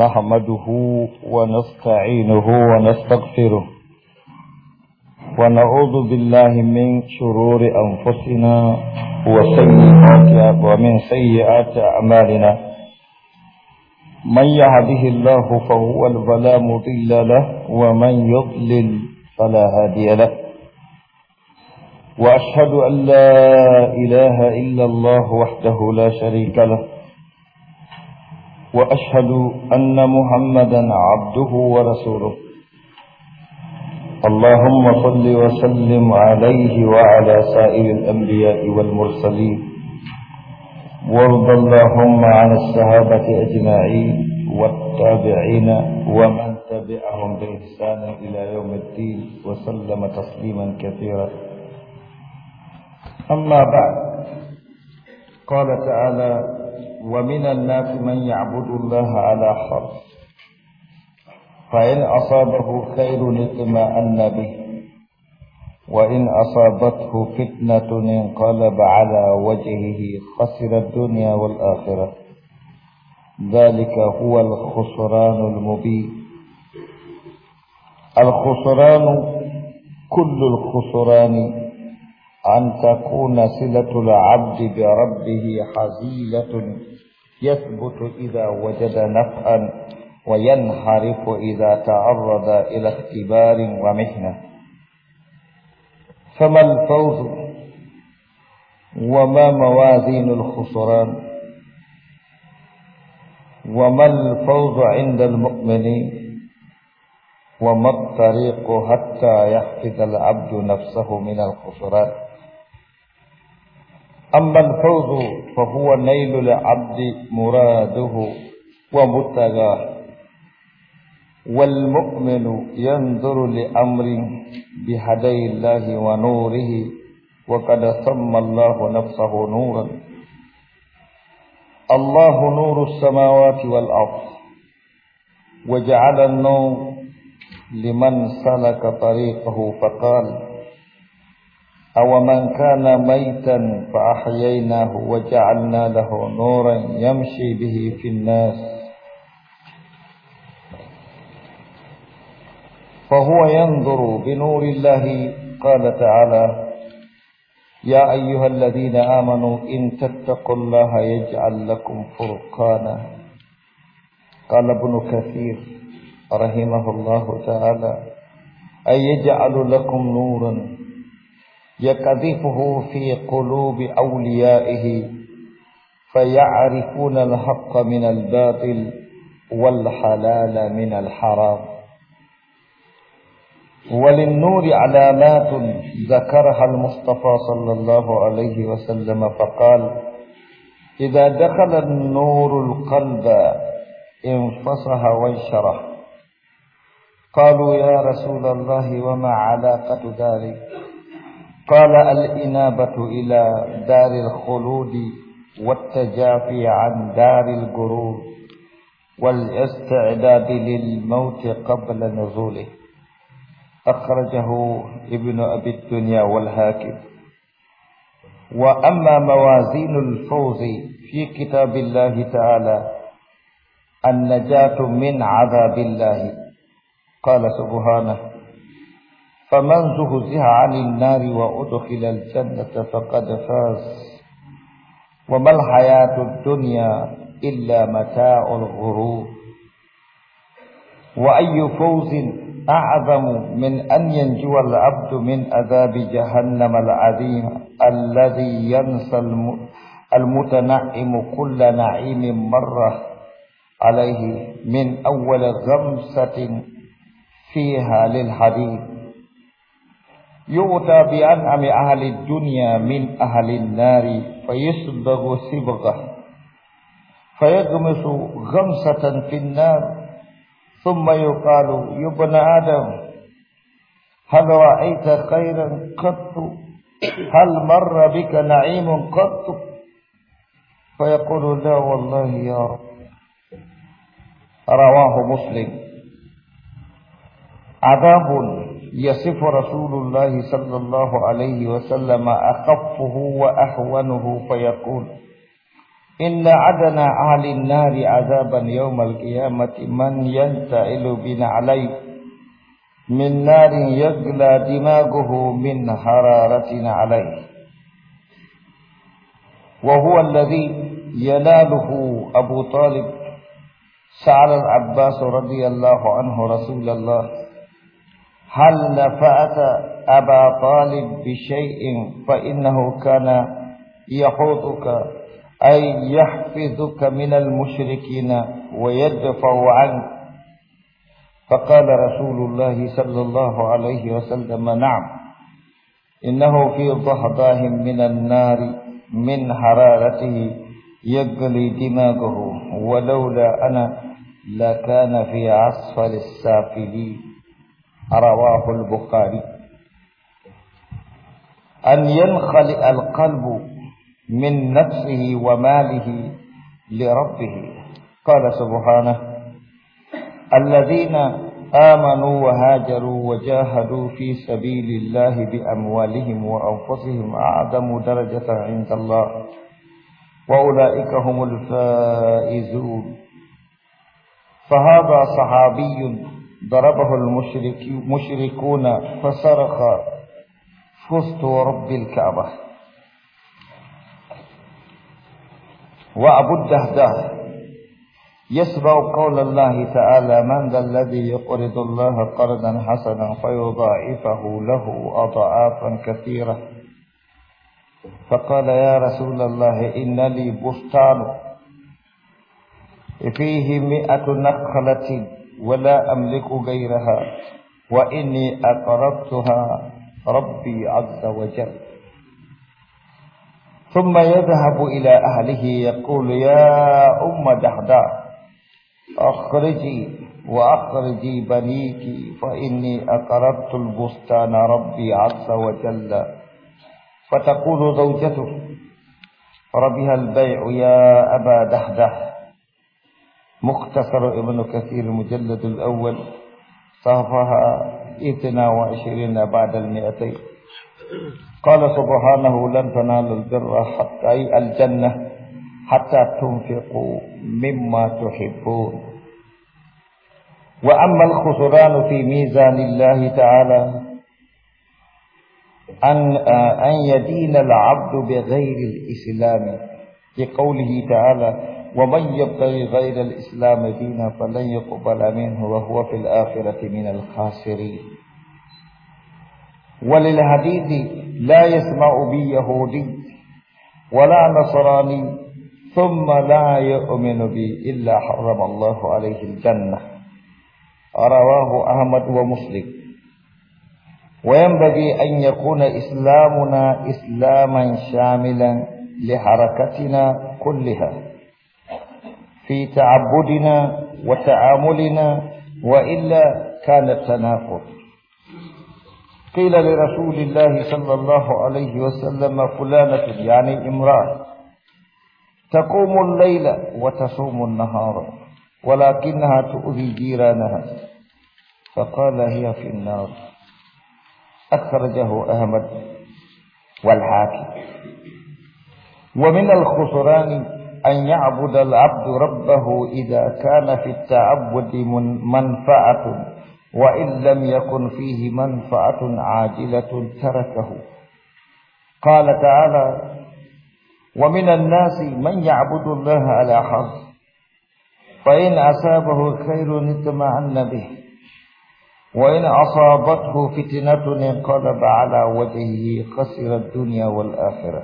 نحمده ونستعينه ونستغفره ونعوذ بالله من شرور أنفسنا ومن سيئات أعمالنا من يهده الله فهو البلا مضل له ومن يضلل فلا هادي له وأشهد أن لا إله إلا الله وحده لا شريك له وأشهد أن محمدا عبده ورسوله اللهم صل وسلم عليه وعلى سائر الأنبياء والمرسلين وارض اللهم عن الصحابة أجمعين والتابعين ومن تبعهم بإحسان إلى يوم الدين وسلم تسليما كثيرا أما بعد قال تعالى ومن الناس من يعبد الله على حرف فإن أصابه خير اطمأن به وإن أصابته فتنة انقلب على وجهه خسر الدنيا والآخرة ذلك هو الخسران المبين الخسران كل الخسران أن تكون صلة العبد بربه حزيلة يثبت إذا وجد نفعا وينحرف إذا تعرض إلى اختبار ومحنة فما الفوز وما موازين الخسران وما الفوز عند المؤمنين وما الطريق حتى يحفظ العبد نفسه من الخسران أما الفوز فهو نيل العبد مراده ومتغاه والمؤمن ينظر لأمر بهدي الله ونوره وقد سمى الله نفسه نورا الله نور السماوات والأرض وجعل النور لمن سلك طريقه فقال أو من كان ميتا فأحييناه وجعلنا له نورا يمشي به في الناس فهو ينظر بنور الله قال تعالى يا أيها الذين آمنوا إن تتقوا الله يجعل لكم فرقانا قال ابن كثير رحمه الله تعالى أي يجعل لكم نورا يقذفه في قلوب أوليائه فيعرفون الحق من الباطل والحلال من الحرام وللنور علامات ذكرها المصطفى صلى الله عليه وسلم فقال إذا دخل النور القلب انفصح وانشرح قالوا يا رسول الله وما علاقة ذلك قال الإنابة إلى دار الخلود والتجافي عن دار الجرور والاستعداد للموت قبل نزوله أخرجه ابن أبي الدنيا والهاكم وأما موازين الفوز في كتاب الله تعالى النجاة من عذاب الله قال سبحانه فمن زهزها عن النار وأدخل الجنة فقد فاز وما الحياة الدنيا إلا متاع الغرور وأي فوز أعظم من أن ينجو العبد من عذاب جهنم العظيم الذي ينسى المتنعم كل نعيم مرة عليه من أول غمسة فيها للحديد يؤتى بأنعم أهل الدنيا من أهل النار فيصبغ صبغة فيغمس غمسة في النار ثم يقال يا ابن آدم هل رأيت خيرا قط هل مر بك نعيم قط فيقول لا والله يا رب رواه مسلم عذاب يصف رسول الله صلى الله عليه وسلم أخفه وأهونه فيقول إن عدنا أهل النار عذابا يوم القيامة من ينتعل بنعليه من نار يجلى دماغه من حرارة عليه وهو الذي يناله أبو طالب سعر العباس رضي الله عنه رسول الله هل فأتى أبا طالب بشيء فإنه كان يحوطك أي يحفظك من المشركين ويدفع عنك فقال رسول الله صلى الله عليه وسلم نعم إنه في ضحضاه من النار من حرارته يقلي دماغه ولولا أنا لكان في أسفل السافلين رواه البخاري أن ينخلئ القلب من نفسه وماله لربه قال سبحانه الذين آمنوا وهاجروا وجاهدوا في سبيل الله بأموالهم وأنفسهم أعظم درجة عند الله وأولئك هم الفائزون فهذا صحابي ضربه المشركون فصرخ فزت ورب الكعبة وأبو الدهده يسمع قول الله تعالى من ذا الذي يقرض الله قرضا حسنا فيضاعفه له أضعافا كثيرة فقال يا رسول الله إن لي بستان فيه مئة نخلة ولا أملك غيرها وإني أقرضتها ربي عز وجل ثم يذهب إلى أهله يقول يا أم دحداح أخرجي وأخرجي بنيك فإني أقرضت البستان ربي عز وجل فتقول زوجته ربها البيع يا أبا دحدح مختصر ابن كثير المجلد الأول صفحة 22 بعد المئتين قال سبحانه لن تنالوا البر حتى أي الجنة حتى تنفقوا مما تحبون وأما الخسران في ميزان الله تعالى أن أن يدين العبد بغير الإسلام في قوله تعالى ومن يبتغي غير الإسلام دينا فلن يقبل منه وهو في الآخرة من الخاسرين وللحديث لا يسمع بي يهودي ولا نصراني ثم لا يؤمن بي إلا حرم الله عليه الجنة رواه أحمد ومسلم وينبغي أن يكون إسلامنا إسلاما شاملا لحركتنا كلها في تعبدنا وتعاملنا وإلا كان التناقض قيل لرسول الله صلى الله عليه وسلم فلانة يعني امرأة تقوم الليل وتصوم النهار ولكنها تؤذي جيرانها فقال هي في النار أخرجه أحمد والحاكم ومن الخسران أن يعبد العبد ربه إذا كان في التعبد منفعة وإن لم يكن فيه منفعة عاجلة تركه قال تعالى ومن الناس من يعبد الله على حرف فإن أصابه خير اطمأن به وإن أصابته فتنة انقلب على وجهه خسر الدنيا والآخرة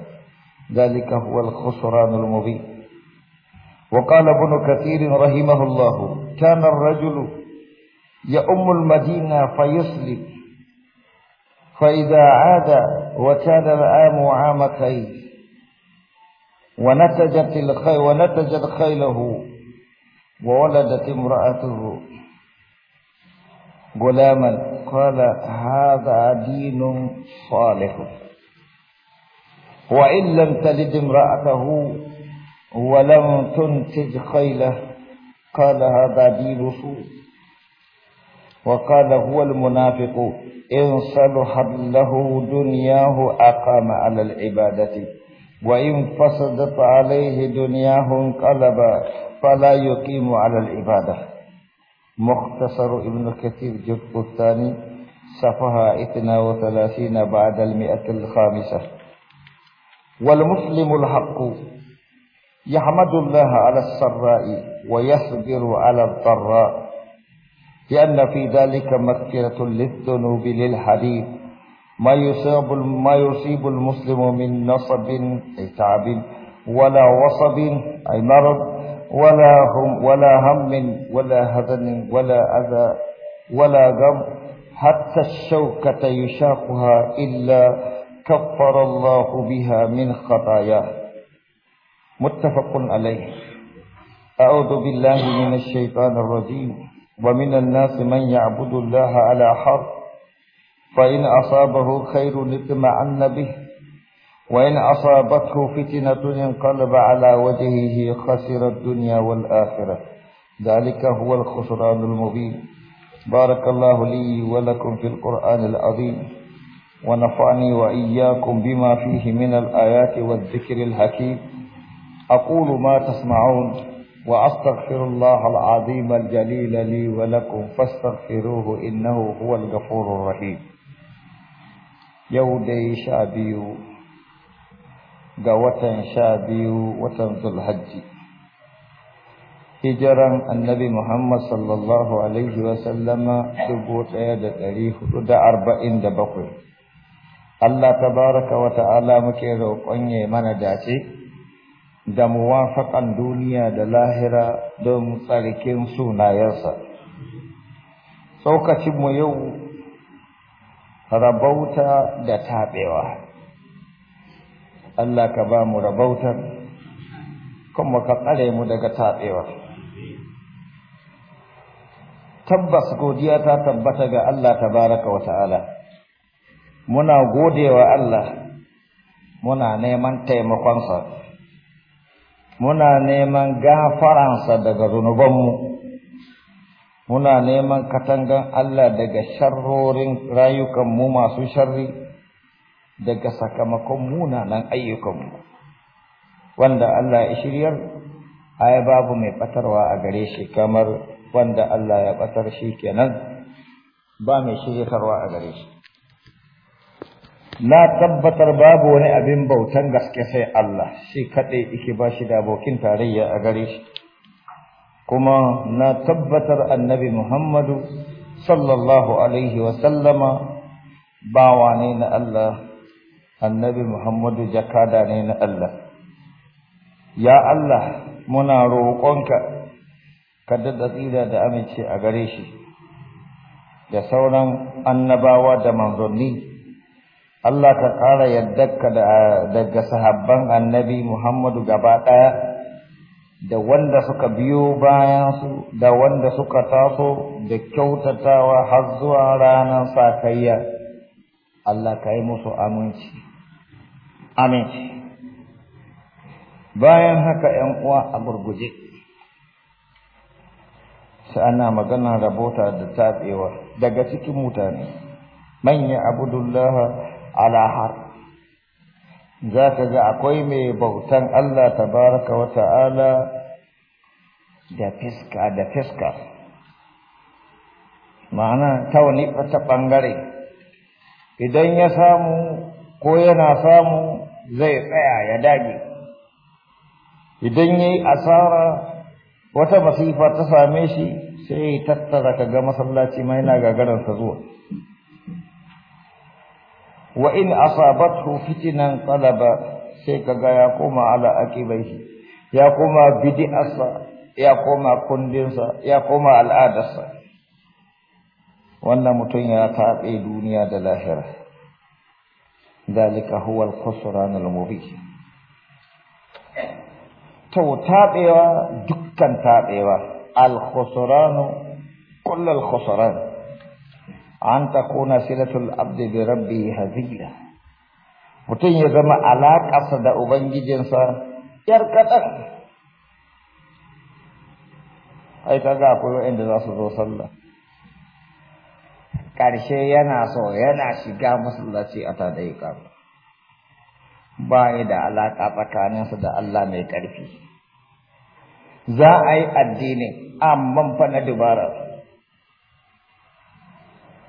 ذلك هو الخسران المبين وقال ابن كثير رحمه الله كان الرجل يؤم المدينة فيسلب فإذا عاد وكان العام عام كيد ونتجت الخيل ونتجت خيله وولدت امرأته غلاما قال هذا دين صالح وإن لم تلد امرأته ولم تنتج خيله قال هذا دي رسول وقال هو المنافق إن صلحت له دنياه أقام على العبادة وإن فسدت عليه دنياه انقلب فلا يقيم على العبادة مختصر ابن كثير جزء الثاني صفحة 32 بعد المئة الخامسة والمسلم الحق يحمد الله على السراء ويصبر على الضراء لأن في ذلك مكرة للذنوب للحديث ما يصيب ما يصيب المسلم من نصب أي تعب ولا وصب أي مرض ولا هم ولا هم ولا هذن ولا أذى ولا غم حتى الشوكة يشاقها إلا كفر الله بها من خطاياه متفق عليه أعوذ بالله من الشيطان الرجيم ومن الناس من يعبد الله على حر فإن أصابه خير اطمأن به وإن أصابته فتنة انقلب على وجهه خسر الدنيا والآخرة ذلك هو الخسران المبين بارك الله لي ولكم في القرآن العظيم ونفعني وإياكم بما فيه من الآيات والذكر الحكيم أقول ما تسمعون وأستغفر الله العظيم الجليل لي ولكم فاستغفروه إنه هو الغفور الرحيم يودي شابيو قوة شابيو وتنزل الحج hijiran annabi Muhammad sallallahu alaihi wasallama dubu ɗaya da ɗari hudu da arba'in da bakwai. Allah tabaraka wa ta'ala muke roƙon ya mana dace da muwafaƙan duniya da lahira don tsarkin sunayensa. saukacinmu yau rabauta da taɓewa. Allah ka ba mu rabautar, kuma ka tsare mu daga taɓewa. Tabbas godiya ta tabbata ga Allah tabaraka wa ta'ala. Muna godewa Allah, muna neman taimakonsa. muna neman gafaransa daga zunubanmu muna neman katangan Allah daga sharrorin mu masu sharri daga sakamakon munanan ayyukanmu wanda Allah ya shiryar ai babu mai batarwa a gare shi kamar wanda Allah ya batar shi kenan ba mai shiryarwa a gare shi na tabbatar babu wani abin bautan gaske sai Allah shi kadai yake ba shi da abokin tarayya a gare shi kuma na tabbatar annabi Muhammadu sallallahu alaihi wa sallama bawa ne na Allah annabi Muhammadu jakada ne na Allah ya Allah muna roƙonka ka da tsira da amince a gare shi da sauran annabawa da manzanni Allah ka ƙara ka daga sahabban annabi Muhammadu gaba ɗaya da wanda suka biyo bayansu da wanda suka taso da kyautatawa har zuwa ranar sakayya Allah ka yi musu aminci aminci bayan haka ‘yan uwa a gurguje ana magana rabota da tatsewa daga cikin mutane manya abudullaha ala har za ka ga akwai mai bautan Allah tabaraka wa ta'ala da fiska da fiska ma'ana ta wani ta ɓangare idan ya samu ko yana samu zai tsaya ya dage idan ya yi asara wata masifa ta same shi sai ya tattara ka ga masallaci ma yana gagaransa zuwa wa in asabathu fitnan talaba sai kaga ya koma ala akibaihi ya koma bid'arsa ya koma kundinsa ya koma al'adarsa wannan mutum ya taɓe duniya da lahira dalika huwa al-khusran al-mubin to taɓewa dukkan taɓewa al-khusran kullu al-khusran an takuna silatul abdi bi rabbi hazila mutum ya zama alaƙarsa da ubangijinsa yar kaɗan ai ga akwai inda za su zo sallah ƙarshe yana so yana shiga masallaci a da ba yi da alaƙa tsakaninsa da Allah mai ƙarfi za a yi addini amma fa na dubara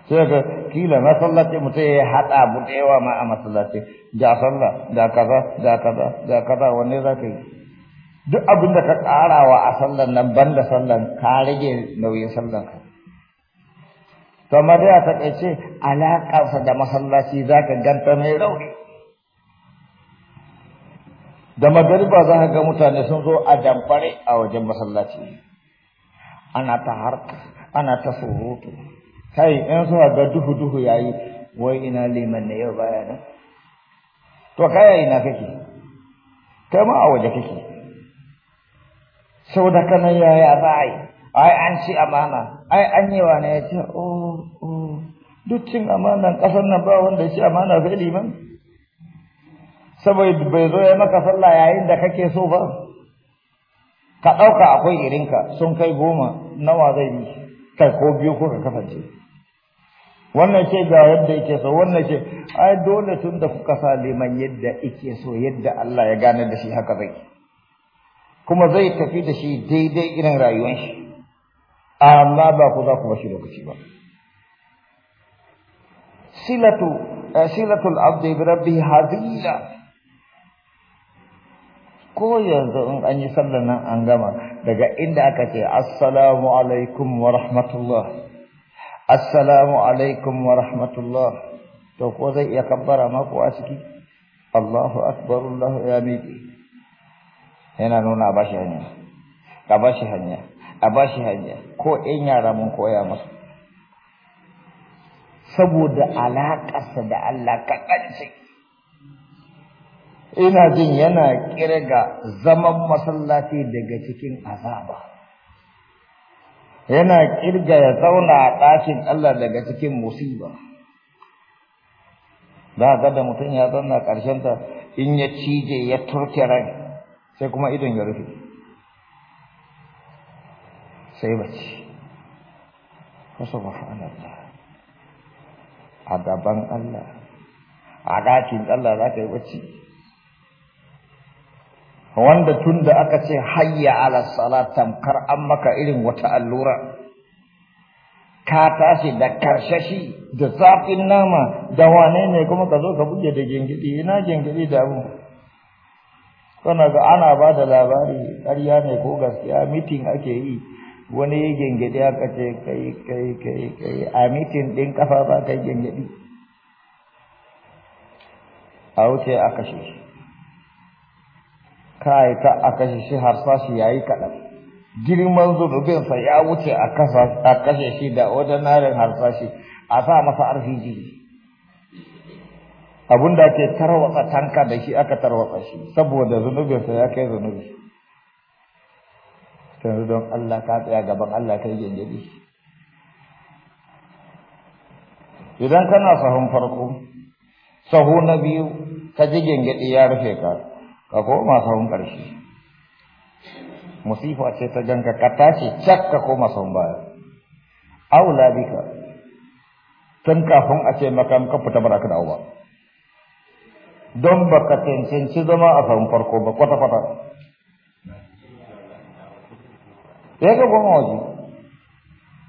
sai ga kila masallaci mutum ya eh, haɗa abu da ma a ah masallaci ga sallah da kaza da kaza da kaza wanne za ka yi duk abin ah da ka wa a eh, sallan nan ban da sallan ka rage nauyin sallan ka kamar da a ƙace alaƙarsa da masallaci za ka ganta mai rauni da magariba za ka ga mutane sun zo a damfare a wajen masallaci ana ta harka ana ta surutu kai in suna ga duhu duhu yayi wai ina liman ne yau baya nan to kaya ina kake kai ma a waje kake da kana yaya za a yi ai an ci amana ai an yi wa ne ya ce oh oh duk cin amanan ƙasar nan ba wanda ya ci amana sai liman saboda bai zo ya maka sallah yayin da kake so ba ka ɗauka akwai irinka sun kai goma nawa zai yi kai ko biyu ko ka kasance wannan ce ga yadda yake so wannan ce ai dole tun da kuka sa liman yadda yake so yadda Allah ya gane da shi haka zai kuma zai tafi da shi daidai irin rayuwar shi amma ba ku za ku bashi lokaci ba silatu eh, silatul abdi bi hadila ko yanzu in an yi sallar nan an gama daga inda aka ce assalamu alaikum wa rahmatullah assalamu alaikum wa rahmatullah to ko zai iya kabbara ma ko a ciki Allahu akbar Allah ya miƙe yana nuna a bashi hanya a bashi hanya a bashi hanya ko in yara mun koya musu saboda alaƙarsa da Allah kaɗan ce ina jin yana kirga zaman masallaci daga cikin azaba yana kirga ya zauna a ɗakin Allah daga cikin musiba za ga da mutum ya zauna ta in ya cije ya turke rai sai kuma idon ya rufe sai bace ka subhanallah a gaban Allah a ɗakin Allah za ka yi bacci wanda tun da aka ce hayya ala salat tamkar an maka irin wata allura ka tashi da karshashi da zafin nama da wane ne kuma ka zo ka buge da gingidi ina gingidi da mu kana ga ana ba da labari ƙarya ne ko gaskiya mitin ake yi wani ya gingidi aka ce kai kai kai kai a mitin ɗin kafa ba kai gingidi a wuce aka shi kai ta a kashe shi har sashi yayi kaɗan girman zunubinsa ya wuce a kashe shi da har harsashi a sa masa RPG abun da tarwatsa tanka da shi aka tarwatsa shi saboda zunubinsa ya kai zunubi yanzu don Allah ka tsaya gaban Allah kai gengedi idan kana sahun farko sahu na biyu ka ji gengedi ya rufe ka ka koma sahun ƙarshe musifa ce ta janka ka tashi cak ka koma sahun baya aula bika tun kafin a ce maka ka fita ba ka uba. ba don baka cancanci zama a sahun farko ba kwata-kwata ya ga goma waje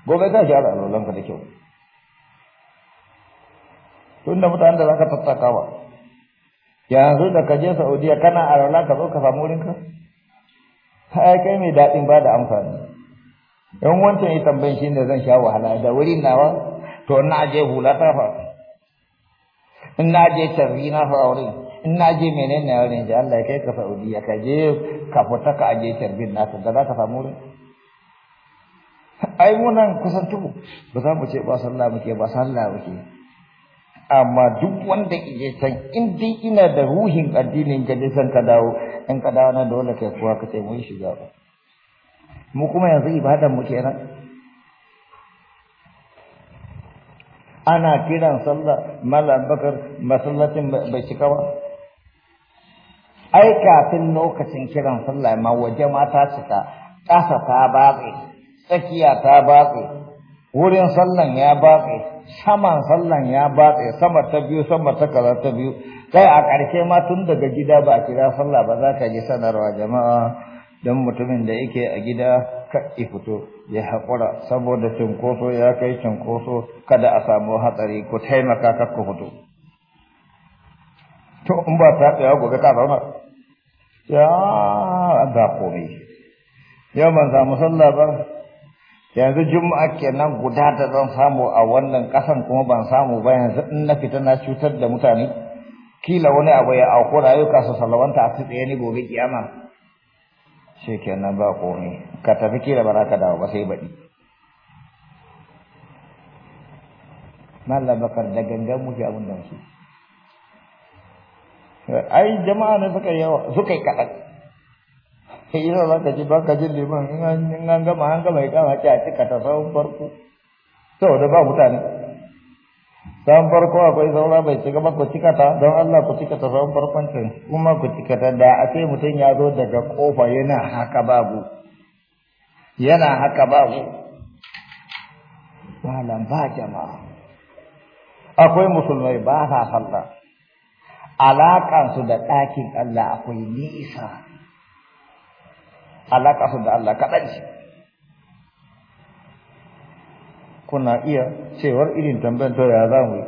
gobe shi gyara alolanka da kyau tun da mutanen da za ka tattakawa yanzu da ka je Saudiya kana alwala ka zo ka samu wurinka ai kai mai daɗin ba da amfani in wancan ya tambayin shi ne zan sha wahala da wuri nawa to na je hula ta fa in na je tarbi na fa wuri, in na je menene na aure da Allah ya kai ka Saudiya ka je ka fita ka aje tarbin naka da za ka samu wurin ai mu nan kusan tubu ba za mu ce ba sallah muke ba sallah muke amma duk wanda ke san in dai ina da ruhin addinin ka dai san ka dawo in ka dawo na dole kai kuwa ka ce mun shiga ba mu kuma yanzu ibadan mu kenan ana kiran sallah Malam bakar masallacin bai cika ba ai kafin lokacin kiran sallah ma waje ma ta cika ƙasa ta batse tsakiya ta batse wurin sallan ya batse saman sallan ya batse sama ta biyu sama ta kaza ta biyu kai a ƙarshe ma tun daga gida ba a kira sallah ba za ka ji sanarwa jama'a don mutumin da yake a gida kaɗi fito ya haƙura saboda cinkoso ya kai cinkoso kada a samu hatsari ko taimaka kar ku fito to in ba ta tsaya gobe ka zauna ya ga komai yau ban samu sallah ba yanzu juma'a kenan guda da zan samu a wannan kasan kuma ban samu ba yanzu in na fita na cutar da mutane kila wani abu ya auku rayuka su salawanta a tsaye ni gobe kiyama shi kenan ba komai ka tafi kila ba za ka dawo ba sai baɗi mallam bakar da gangan muke abin da su ai jama'a ne suka yawa suka yi kaɗan kai ina za ka ji ba ka jin liman gak an gama an gama ya kama ce a cika ta sahun farko saboda ba mutane sahun farko akwai saura bai shiga ba ku cika don Allah ku kata ta sahun farkon can kuma ku cika ta da a ce mutum ya zo daga kofa yana haka babu yana haka babu malam baca jama'a akwai musulmai ba sa sallah alaƙansu da ɗakin Allah akwai nisa Alaka su da Allah kaɗan shi. kuna iya cewar irin tambayar to ya za mu yi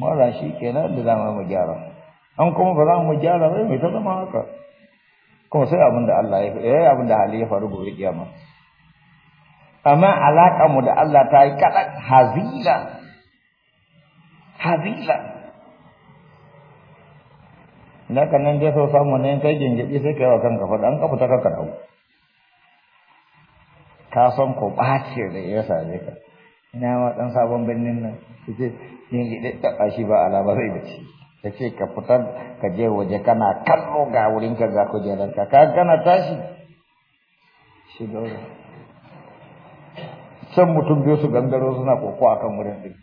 mara shi kenan da za mu gyara an kuma ba za mu gyara ba mai ta zama haka kuma sai abin da Allah ya eh, yi abin da hali ya faru gobe kiyama amma alaka mu da Allah ta yi kaɗan hazila hazila na kanan dai so samu ne kai gingibi sai kai wa kanka faɗa an kafa ta kanka dawo ka san ko ɓace da ya same ka ina ma ɗan sabon birnin nan ta ce yin gidan taɓa shi ba alama zai bace. shi ta ce ka fitar ka je waje kana kallo ga wurin ka ga kujerar ka ka gana tashi shi dole san mutum biyu su gangaro suna koko a kan wurin ɗin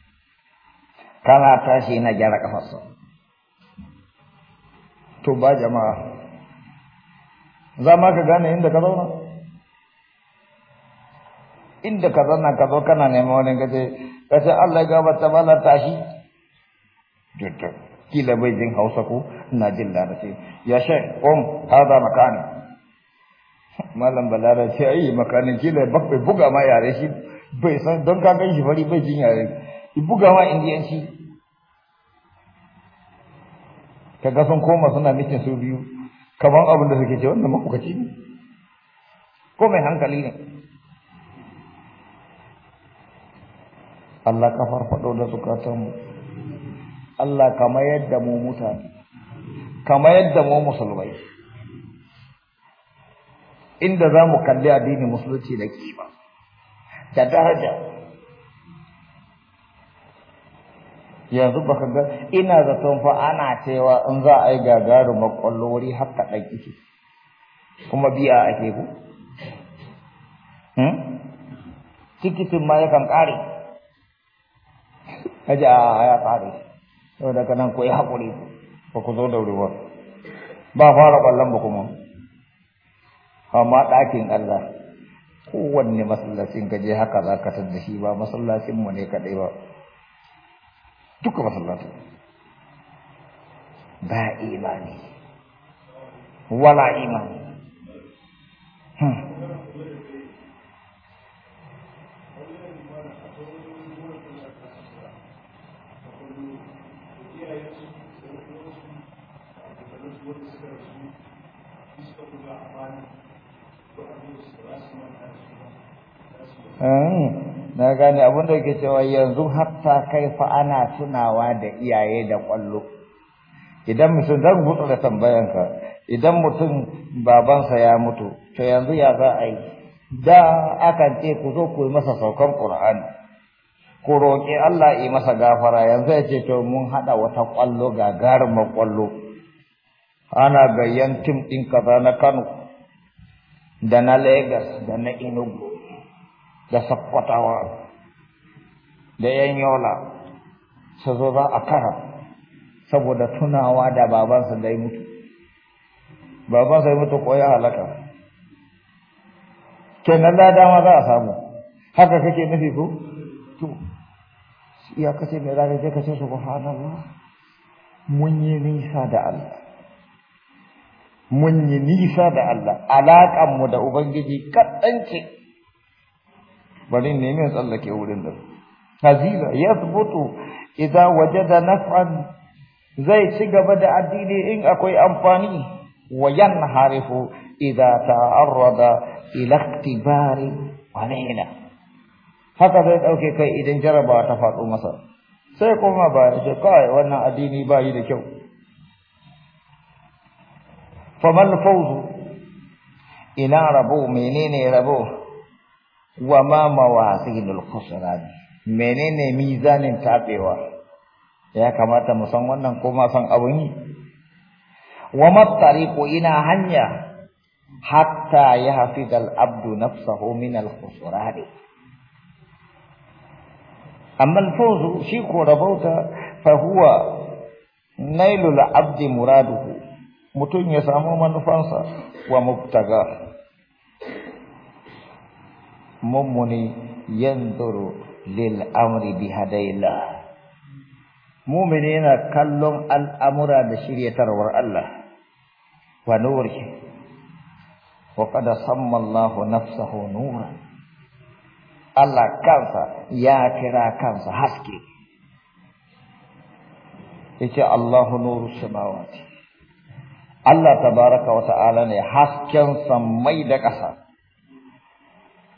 kana tashi na gyara kafarsa to ba jama'a za ma ka gane inda ka zauna inda ka zanna ka zo kana neman wani ka ce ka ce Allah ya gabata ba la tashi dukkan kila bai jin Hausa ko ina jin Larabci ya shay qum hada makani malam balara ce ai makani kila bakwai buga ma yare shi bai san don ka gan shi fari bai jin yare i buga ma indiyanci ga sun koma suna mikin su biyu kamar abin da suke ce wannan mahaukaci ne ko mai hankali ne Allah ka farfado da zukatanmu Allah ka yadda mu mutane ka yadda mu musulmai inda za mu kalli addinin musulunci da kima da daraja yanzu baka ga ina da fa ana cewa in za a yi gagaru kwallo wuri har kaɗan ike kuma biya ake ku hmm? tikitin ma yakan ƙare kaji a ya tsari saboda ka nan ku yi haƙuri ba ku zo da wuri ba ba fara ƙwallon ba kuma amma ɗakin Allah kowanne masallacin ka haka za ka da shi ba masallacin mu ne kaɗai ba duka masallacin ba imani wala imani hmm. Eh, na gane abin da ke cewa yanzu hatta kai fa ana tunawa da iyaye da kwallo idan mutum zan gutsu da tambayanka idan mutum babansa ya mutu to yanzu ya za a yi da aka ce ku zo ku yi masa saukan qur'ani ku roƙi Allah yi masa gafara yanzu ya ce to mun haɗa wata ƙwallo gagarumar ƙwallo ana gayyan tim ɗin kaza na Kano da na Lagos da na Enugu da sakkwatawa da yan yola su zo za a kara saboda tunawa da babansa da ya mutu babansa ya mutu ko ya halaka kenan da dama za a samu haka kake nufi ko to ya kace me zaka je kace subhanallah mun yi nisa da Allah mun yi nisa da Allah alaƙan mu da ubangiji kaɗan ce bari ne mai tsallake wurin da hazila idan waje da naf'an zai ci gaba da addini in akwai amfani wa yanharifu idza ta'arrada ila iktibari walina haka zai dauke kai idan jarabawa ta faɗo masa sai kuma ba ya kai wannan addini ba yi da kyau famal fawzu ina rabo menene rabo wa ma mawazinul khusran menene mizanin tabewa ya kamata mu san wannan ko ma san abun yi wa mattariqu ina hanya hatta yahfidal abdu nafsahu min al khusran amma al fawz shi ko rabauta fa huwa nailul abdi muraduhu mutun ya samu manufansa wa mubtaga mummuni yanzuru lil amri bi hadaillah mumini yana kallon al'amura da shiryatarwar Allah wa nuri wa kada sammallahu nafsahu nuran Allah kansa ya kira kansa haske yace Allahu nuru samawati Allah tabaraka wa ta'ala ne hasken sammai da ƙasa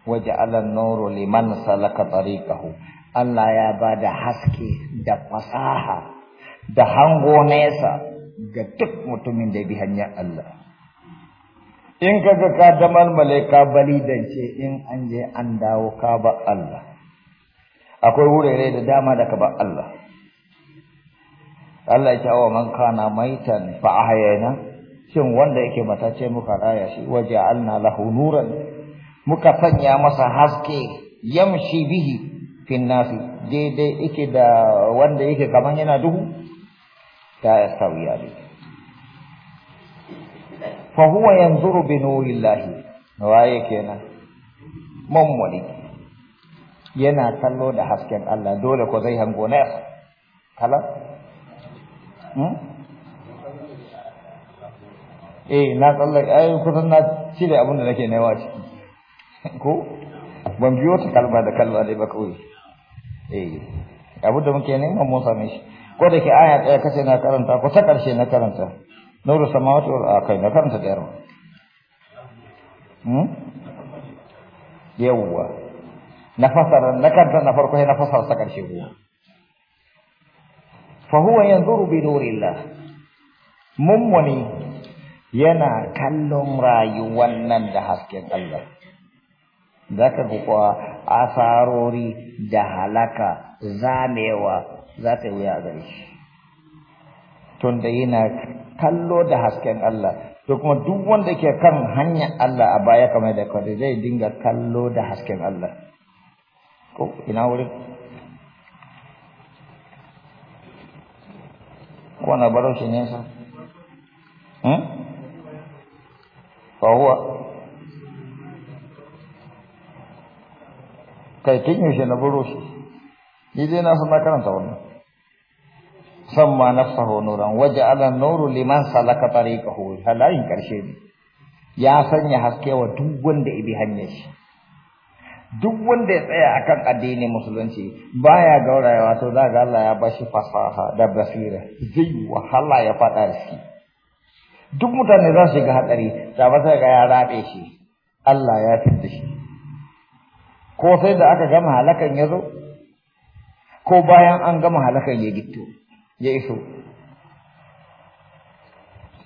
waja'ala an-nuru liman salaka tariqahu Allah ya bada haske da fasaha da hango nesa ga duk mutumin da bi hanyar Allah in ga ka damar malaika ce in an je an dawo ka ba Allah akwai wurare da dama da ka ba Allah Allah ya cewa man kana maitan fa ahyayna shin wanda yake matace muka raya shi waja'alna lahu nuran muka sanya masa haske yamshi bihi fin nasi daidai yake da wanda yake kaman yana duhu ta yastawiya ne fa huwa yanzuru bi nurillahi waye kenan mummuni yana kallo da hasken Allah dole ko zai hango na kala hmm? eh na tsallake ai kusan na cire abin da nake nema ciki ko ban biyo ta kalma da kalma dai ba kawai eh abu da muke nema mu same shi ko da ke aya ɗaya eh, kace na karanta ko ta karshe na karanta nuru samawati wal akai ah, na karanta da yaro hmm yawwa na fasara na karanta na farko na fasara ta karshe ko fa huwa yanzuru bi nurillah mummuni yana kallon rayuwan nan da hasken Allah Zaka ta fi kuwa asarori da halaka zamewa za ta wuya a gare shi tun da yana kallo da hasken Allah to kuma duk wanda ke kan hanyar Allah a baya kamar da kwade zai dinga kallo da hasken Allah ko ina wuri ko na baro shi nesa hmm? fa kai tun yaushe na buro su ni dai na san na karanta wannan samma nafsahu nuran ala nuru liman salaka tariqahu halayin karshe ne ya sanya haske wa duk wanda ibi hanyar shi duk wanda ya tsaya akan addinin musulunci baya gaurayawa to za ga Allah ya ba shi fasaha da basira zai wahala ya fada shi duk mutane za su ga hadari, da ba sai ga ya rabe shi Allah ya fitta shi ko sai da aka gama halakan ya zo ko bayan an gama halakan ya gito ya iso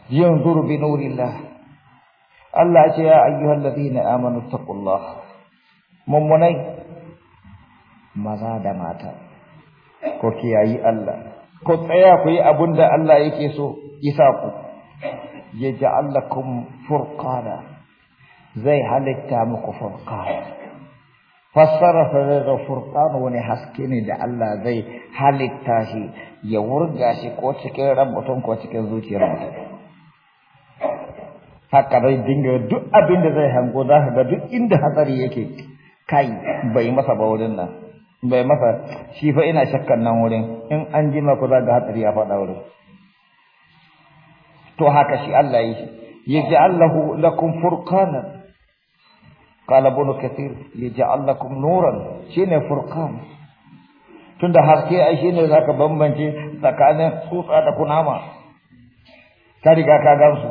yanzuru bi nurillah Allah ce ya ayyuhal ladina amanu taqullah mummunai maza da mata ko kiyayi Allah ko tsaya ku yi abin da Allah yake so isa ku ya ja'alakum furqana zai halitta muku furqana fassara da furqan wani haske ne da Allah zai halitta shi ya wurga shi ko cikin ran ko cikin zuciyar mutum haka zai dinga duk abin da zai hango za ka ga duk inda hatsari yake kai bai masa ba wurin nan bai masa shi fa ina shakkan nan wurin in an ji ku za ga hatsari ya faɗa wurin to haka shi Allah yi ya ji lakum furqanan قال ابن كثير يجعل لكم نورا شينه فرقان tunda haske ai shine zaka bambance tsakanin tsutsa da kunama ka riga ka gamsu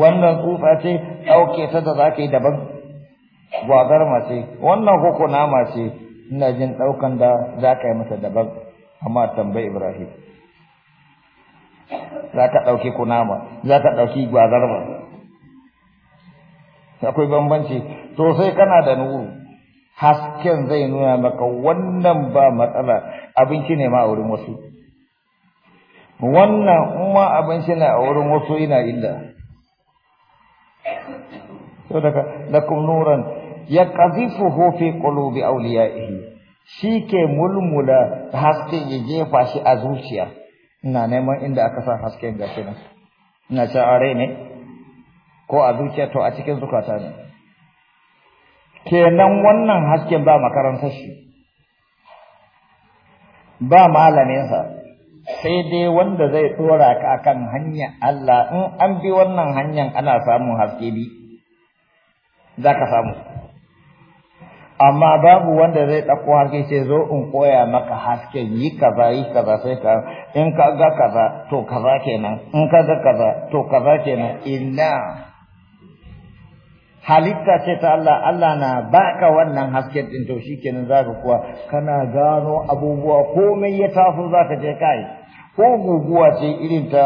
wannan tsufa ce dauke ta da zaka yi daban gwadar ce. wannan ko kunama ce ina jin daukan da zakai yi mata daban amma tambayi Ibrahim zaka dauki kunama zaka dauki gwadar ma akwai bambanci to sai kana da nuru hasken zai nuna maka wannan ba matsala abinci ne ma a wurin wasu wannan umma abinci ne a wurin wasu ina illa saboda lakum nuran hu fi qulubi awliyaihi shike mulmula haske ya jefa shi a zuciya ina neman inda aka sa hasken gashi nan ina cewa rai ne ko a zuciya to a cikin zukata ne kenan wannan hasken ba makarantar shi ba malaminsa sai dai wanda zai tsora ka akan hanya Allah in an bi wannan hanyar ana samun haske bi za ka samu amma babu wanda zai ɗauko haske ce zo in koya maka haske yi kaza yi kaza sai ka in ka ga kaza to kaza kenan in ka ga kaza to kaza kenan illa halitta ce ta Allah Allah na baka wannan hasken din to shikenan zaka kuwa kana gano abubuwa komai ya taso zaka je kai ko guguwa ce irin ta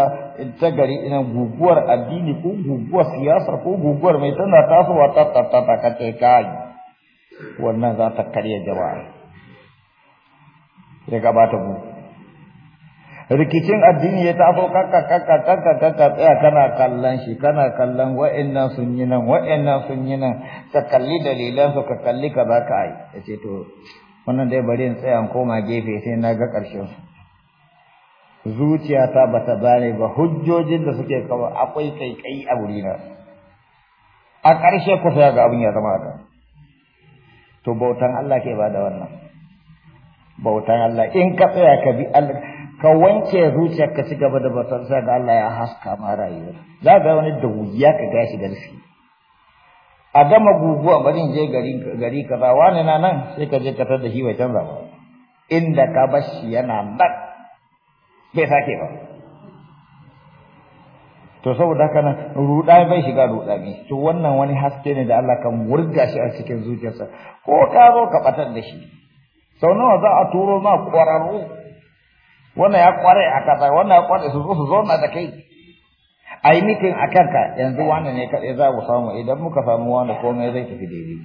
ta gari ina guguwar addini ko guguwar siyasa ko guguwar mai tana tasowa ta ta ta ta kace kai wannan za ta karya jama'a ya gabata mu rikicin addini ya taso kaka kaka kakka kakka tsaya kana kallon shi kana kallon wa'annan sun yi nan wa'annan sun yi nan ka kalli dalilan su ka kalli ka za ka yi ya ce to wannan dai bari in tsaya koma gefe sai na ga ƙarshen su zuciyata ba ta zane ba hujjojin da suke kawo akwai kaikai a wuri na. a ƙarshe ku ga abin ya zama haka to bautan Allah ke ba da wannan bautan Allah in ka tsaya ka bi Allah ka wanke zuciya ka ci gaba da batar sa ga Allah ya haska ma rayuwa za ga wani da wuya ka ga shi garfi a gama guguwa bari in je gari gari ka ba wani na nan sai ka je ka tada shi wajen ba inda ka bar shi yana nan bai sake ba to saboda haka nan ruɗa bai shiga ruɗa ne to wannan wani haske ne da Allah kan wurga shi a cikin zuciyarsa ko ka zo ka batar da shi sau nawa za a turo ma ƙwararru? wannan ya kware a kasa wannan ya kware su zo su na da kai a yi mitin a kanka yanzu wani ne kaɗai za mu samu idan muka samu wani komai zai tafi daidai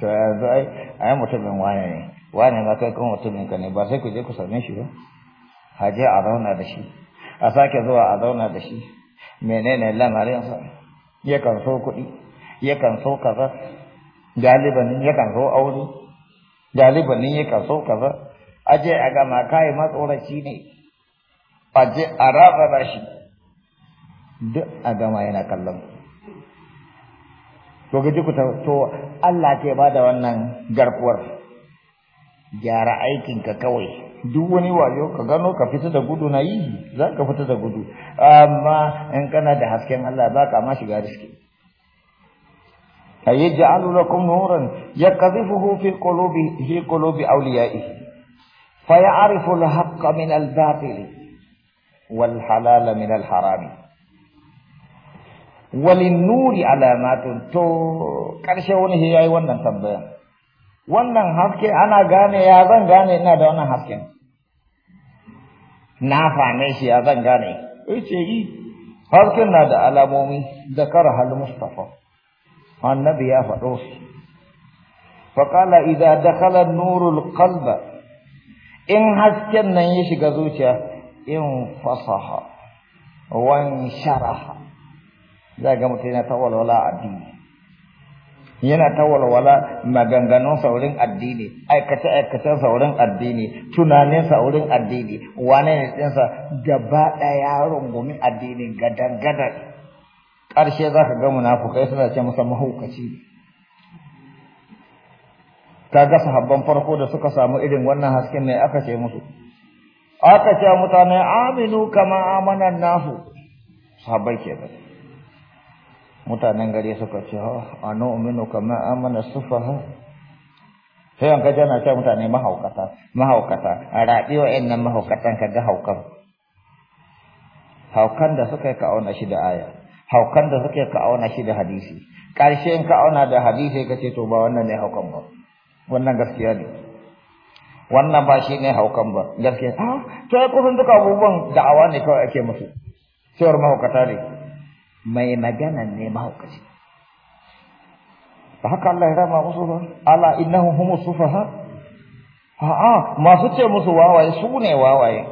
to yanzu ai yi mutumin wani ne wani na kai kan mutumin ka ne ba sai ku je ku same shi ba a je a zauna da shi a sake zuwa a zauna da shi menene lamarinsa yakan so kuɗi yakan so kaza galibanin yakan so aure galibanin yakan so kaza aje a gama kai matsoraci ne aje a raba shi duk a gama yana kallon to duk ta to Allah ke bada wannan garkuwar gyara aikin ka kawai duk wani wayo ka gano ka fita da gudu na yi za ka fita da gudu amma in kana da hasken Allah ba ka ma shiga riski ayyaj'alu lakum nuran yaqdhifuhu fi qulubi fi qulubi awliya'ihi فيعرف الحق من الباطل والحلال من الحرام وللنور علامات تو كان وني هي اي وانا تبدا وانا حقي انا غاني يا زن غاني انا دونا إيه حقي نا فاميشي يا زن غاني ايش هي حقي انا دا علامومي ذكرها المصطفى النبي يا فروس فقال اذا دخل النور القلب in hasken nan ya shiga zuciya in fasaha wan sharaha za ga mutum yana tawalwala addini yana tawalwala maganganun saurin addini aikace aikacen saurin addini tunanin saurin addini wane ne dinsa gaba ɗaya rungumin addini gadan gadan ƙarshe za ka ga munafukai suna ce masa mahaukaci ga sahabban farko da suka samu irin wannan hasken ne aka ce musu aka ce mutane aminu kama amana nasu sahabbai ba mutanen gari suka ce ha anu aminu kama amana sufaha sai an kaje ana ce mutane mahaukata mahaukata a wa wa'annan mahaukatan ka ga haukan haukan da suka yi ka auna shi da aya haukan da suka yi ka auna shi da hadisi ƙarshe ka auna da hadisi ka ce to ba wannan ne haukan ba wannan gaskiya ne wannan ba shi ne haukan ba gaskiya ah to ai kusan duka abubuwan da'awa ne kawai ake musu cewar mahaukata ne mai magana ne mahaukaci haka Allah ya rama musu ba ala innahum humu sufaha a'a masu ce musu wawaye su ne wawaye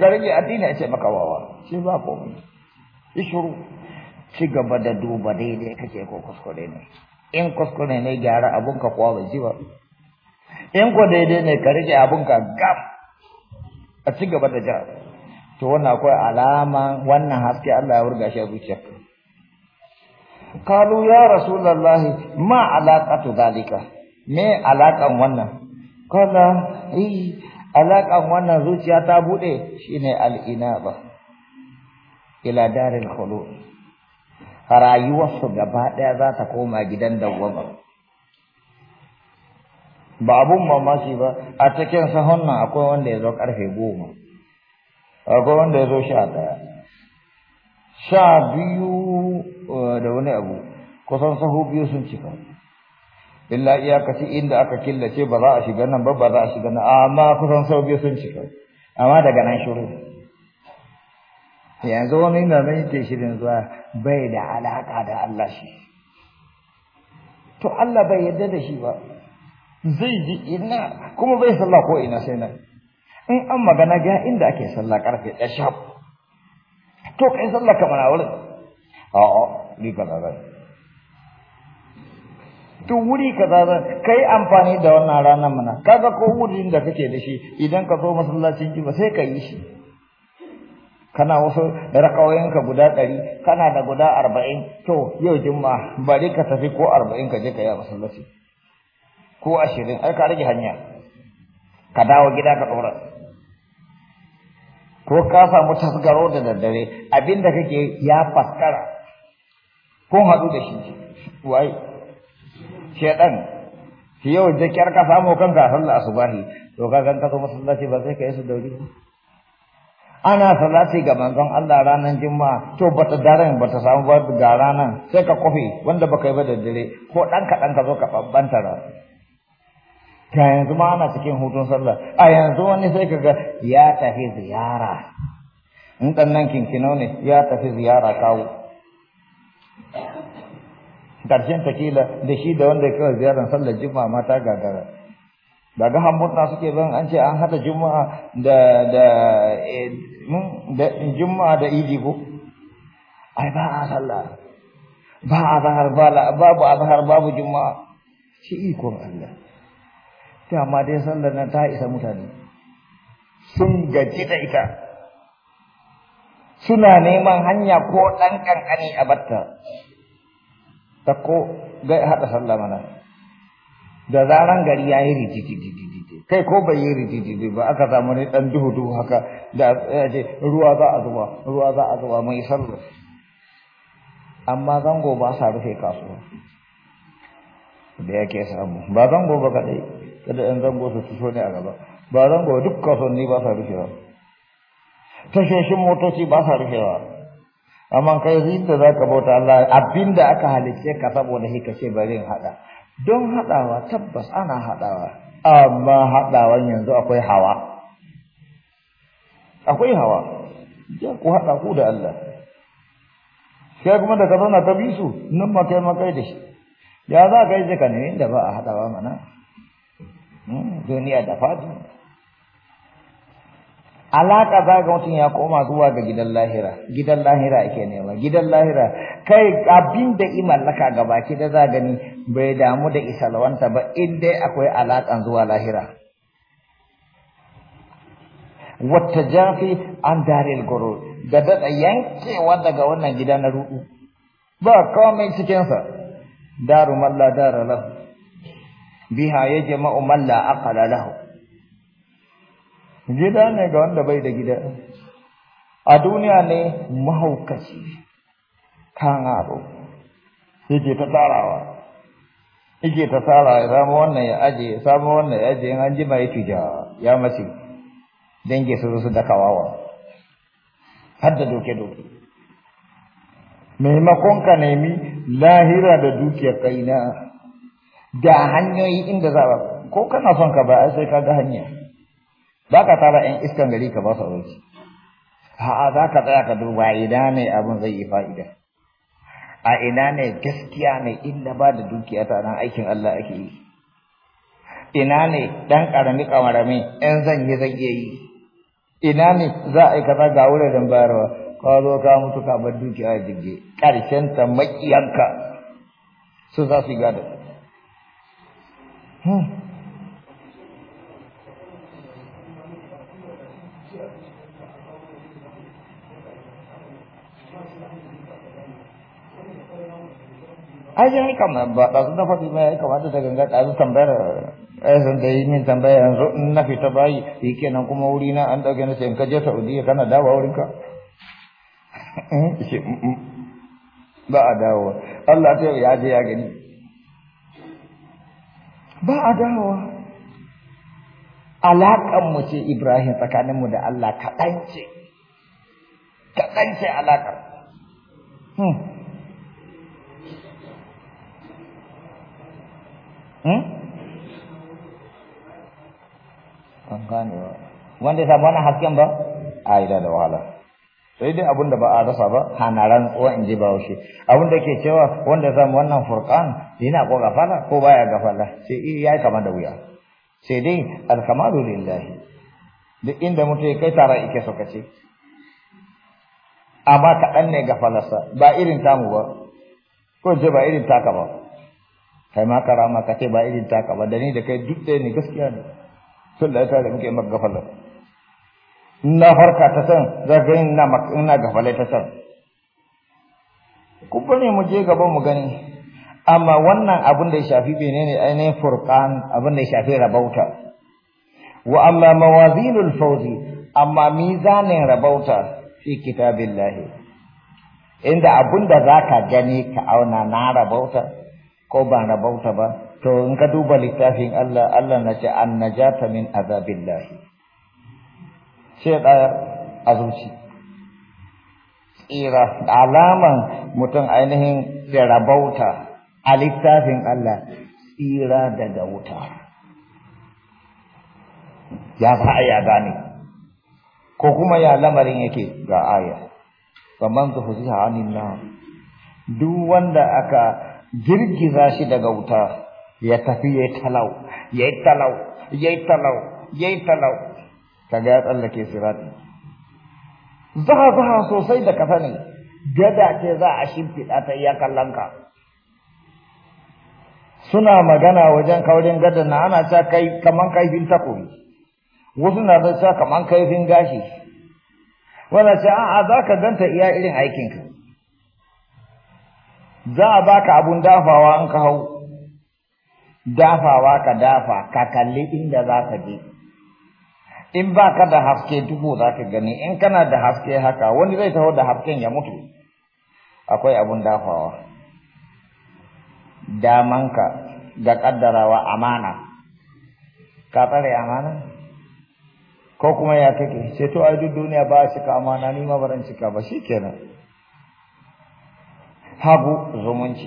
ka rage addini ya ce maka wawa shi ba komai ishuru ci gaba da duba daidai kake ko kuskure ne in kuskure ne gyara abun ka kuwa bai ji ba in ko daidai ne ka rike abun ka gam a ci gaba da ja to wannan akwai alama wannan haske Allah ya wurga shi a zuciyarka kalu ya rasulullahi ma alaqatu zalika me alaƙan wannan kala yi alaƙan wannan zuciya ta buɗe shine ba. ila daril khulud rayuwarsu gaba ɗaya za ta koma gidan dawwama ba abun mamaki ba a cikin sahon nan akwai wanda ya zo ƙarfe goma akwai wanda ya zo sha ɗaya sha biyu eh, da wani abu kusan sahu biyu sun cika illa iyakaci inda aka killace ba za a shiga nan ba ba za a shiga nan amma kusan sahu biyu sun cika amma daga nan shiru yanzu wani na nan yake shirin zuwa bai da alaƙa da Allah shi to Allah bai yarda da shi ba zai ji ina kuma bai sallah ko ina sai nan in an magana ga inda ake sallah karfe ɗaya sharp to kai sallah kamar a wurin a'a ni kaza zan to wuri kaza zan kai amfani da wannan ranar mana kaga ko wurin da kake da shi idan ka zo masallacin ki ba sai ka yi shi kana wasu rakawoyinka guda ɗari kana da guda arba'in to yau juma bari ka tafi ko arba'in ka je ka yi a masallaci ko ashirin ai ka rage hanya ka dawo gida ka ɗora ko ka samu tasgaro da daddare abinda kake ya faskara kun haɗu da shi wai shaɗan yau da ka samu kanka sallar asubahi to ka gan ka masallaci ba sai ka yi su da ba ana salati ga manzon Allah ranar juma'a to bata daren bata samu ba ga ranar sai ka kofi wanda baka yi ba da dare ko dan ka dan ka zo ka babbanta ra ta yanzu ma ana cikin hutun sallah a yanzu wani sai kaga ya tafi ziyara in kin kino ne ya tafi ziyara kawo ƙarshen takila da shi da wanda ya kawai ziyarar sallar juma'a mata gagara daga hamburna suke ban an ce an hada juma'a da da eh, da juma'a da idi ko ai ba a sallah ba a zahar ba babu a zahar babu juma'a shi ikon Allah ta amma dai sallar nan ta isa mutane sun gaji da ita suna neman hanya ko dan kankani a batta ta ko ga hada sallah mana da zaran gari ya yi rititititi kai ko bai yi ritititi ba aka samu ne dan duhu duhu haka da ce ruwa za a zuba ruwa za a zuba mai sarru amma zango ba sa rufe kasuwa da yake samu ba zango ba kadai kada yan zango su tuso ne a gaba ba zango duk kasuwanni ba sa rufewa tashoshin motoci ba sa rufewa amma kai zai da za ka bauta Allah abinda aka halicce ka saboda shi ka ce bari in haɗa don haɗawa tabbas ana haɗawa amma haɗawan yanzu akwai hawa akwai hawa ya ku haɗa ku da Allah sai kuma da ka ta ka bi su nan ma kai makai da shi ya za ka yi jika ne inda ba a haɗawa mana hmm, duniya da fadi alaka za ga mutum ya koma zuwa ga gidan lahira gidan lahira ake nema gidan lahira kai abin da i mallaka baki da za gani bai damu da isalwanta ba in dai akwai alakan zuwa lahira wata jafi an daril goro da daɗa yankewa daga wannan gida na ruɗu ba komai cikinsa daru malla dara lahu biha ya jama'u malla aqala lahu gida ne ga wanda bai da gida a duniya ne mahaukaci kan aro yake ta tsarawa yake ta tsara ya samu wannan ya aje ya samu wannan ya aje in an jima ya tuja ya mace dange su su daka kawawa har da doke doke maimakon ka nemi lahira da dukiyar kaina da hanyoyi inda za ko kana son ka ba sai ka ga hanya ba ka tara ‘yan iskan gari ka ba su abinci a'a za ka tsaya ka duba ina ne abin zai yi fa'ida a ina ne gaskiya ne inda ba da dukiya ta nan aikin Allah ake yi ina ne ɗan ƙarami ƙamarami ‘yan zan yi zan iya yi ina ne za a yi kaza ga wuraren bayarwa ka zo ka mutu ka bar dukiya a jirgi ƙarshen ta maƙiyanka su za su yi gada hmm. ai sai kamar ba da sun faɗi mai ya kamata ta ganga ɗazu tambayar ai eh, sun da yi min tambaya yanzu in na fita bayi yi kenan kuma wuri na an ɗauke na sayan kaje saudiya kana dawa wurin ka ba a dawo Allah ta ya je ya gani ba a dawo alaƙan mu ce Ibrahim tsakanin mu da Allah kaɗan ce kaɗan ce alaƙar hmm. Ban hmm? gane ba. Ah, wanda ya samu hasken ba? A yi da wahala. Sai dai abunda ba a rasa ba, hana rantsuwa in ji bahaushe. Abin da ke cewa wanda ya wannan furkan yana ko gafala ko baya gafala, sai iya ya kama da wuya. Sai dai alkamalu lillahi. Duk inda mutum ya kai tara ike so kace. Amma kaɗan ne gafalarsa, ba irin tamu ba, ko ce ba irin taka ba. kai ma karama ka ce ba irin taka ba da ni da kai duk ɗaya ne gaskiya ne da ta da muke maka gafala na farka ta san za ka yi na ina gafala ta san ku bane mu je gaban mu gani amma wannan abin da ya shafi bene menene ainihin furqan abin da ya shafi rabauta wa amma mawazinul fawzi amma mizanin rabauta fi kitabillahi inda abin da zaka gani ka auna na rabauta ko ba na bauta ba to in ka duba littafin Allah Allah na ce an najata min azabillahi sai da azuci tsira alaman mutum ainihin da rabauta a littafin Allah tsira daga wuta ya fa aya gane ko kuma ya lamarin yake ga aya faman zuhziha anin na duk wanda aka girgiza shi daga wuta ya tafi ya yi talau ya yi talau ya yi talau ya yi talau kaga ya tsallake sirati zaha zaha sosai da kafa ne gada ce za a shimfiɗa ta iya kallonka suna magana wajen kaurin gadon na ana sa kai kaman kaifin takobi wasu na da sa kaman kaifin gashi wanda ce a'a za ka ganta iya irin aikinka za a baka abun dafawa in ka hau dafawa ka dafa ka kalli inda za ka je in ba ka da haske duhu za ka gani in kana da haske haka wani zai taho da hasken ya mutu akwai abun dafawa damanka ga kaddarawa amana ka tsare amana ko kuma ya kake ceto a duk duniya ba shi ka amana ni ma baran cika ba shi kenan. habu zumunci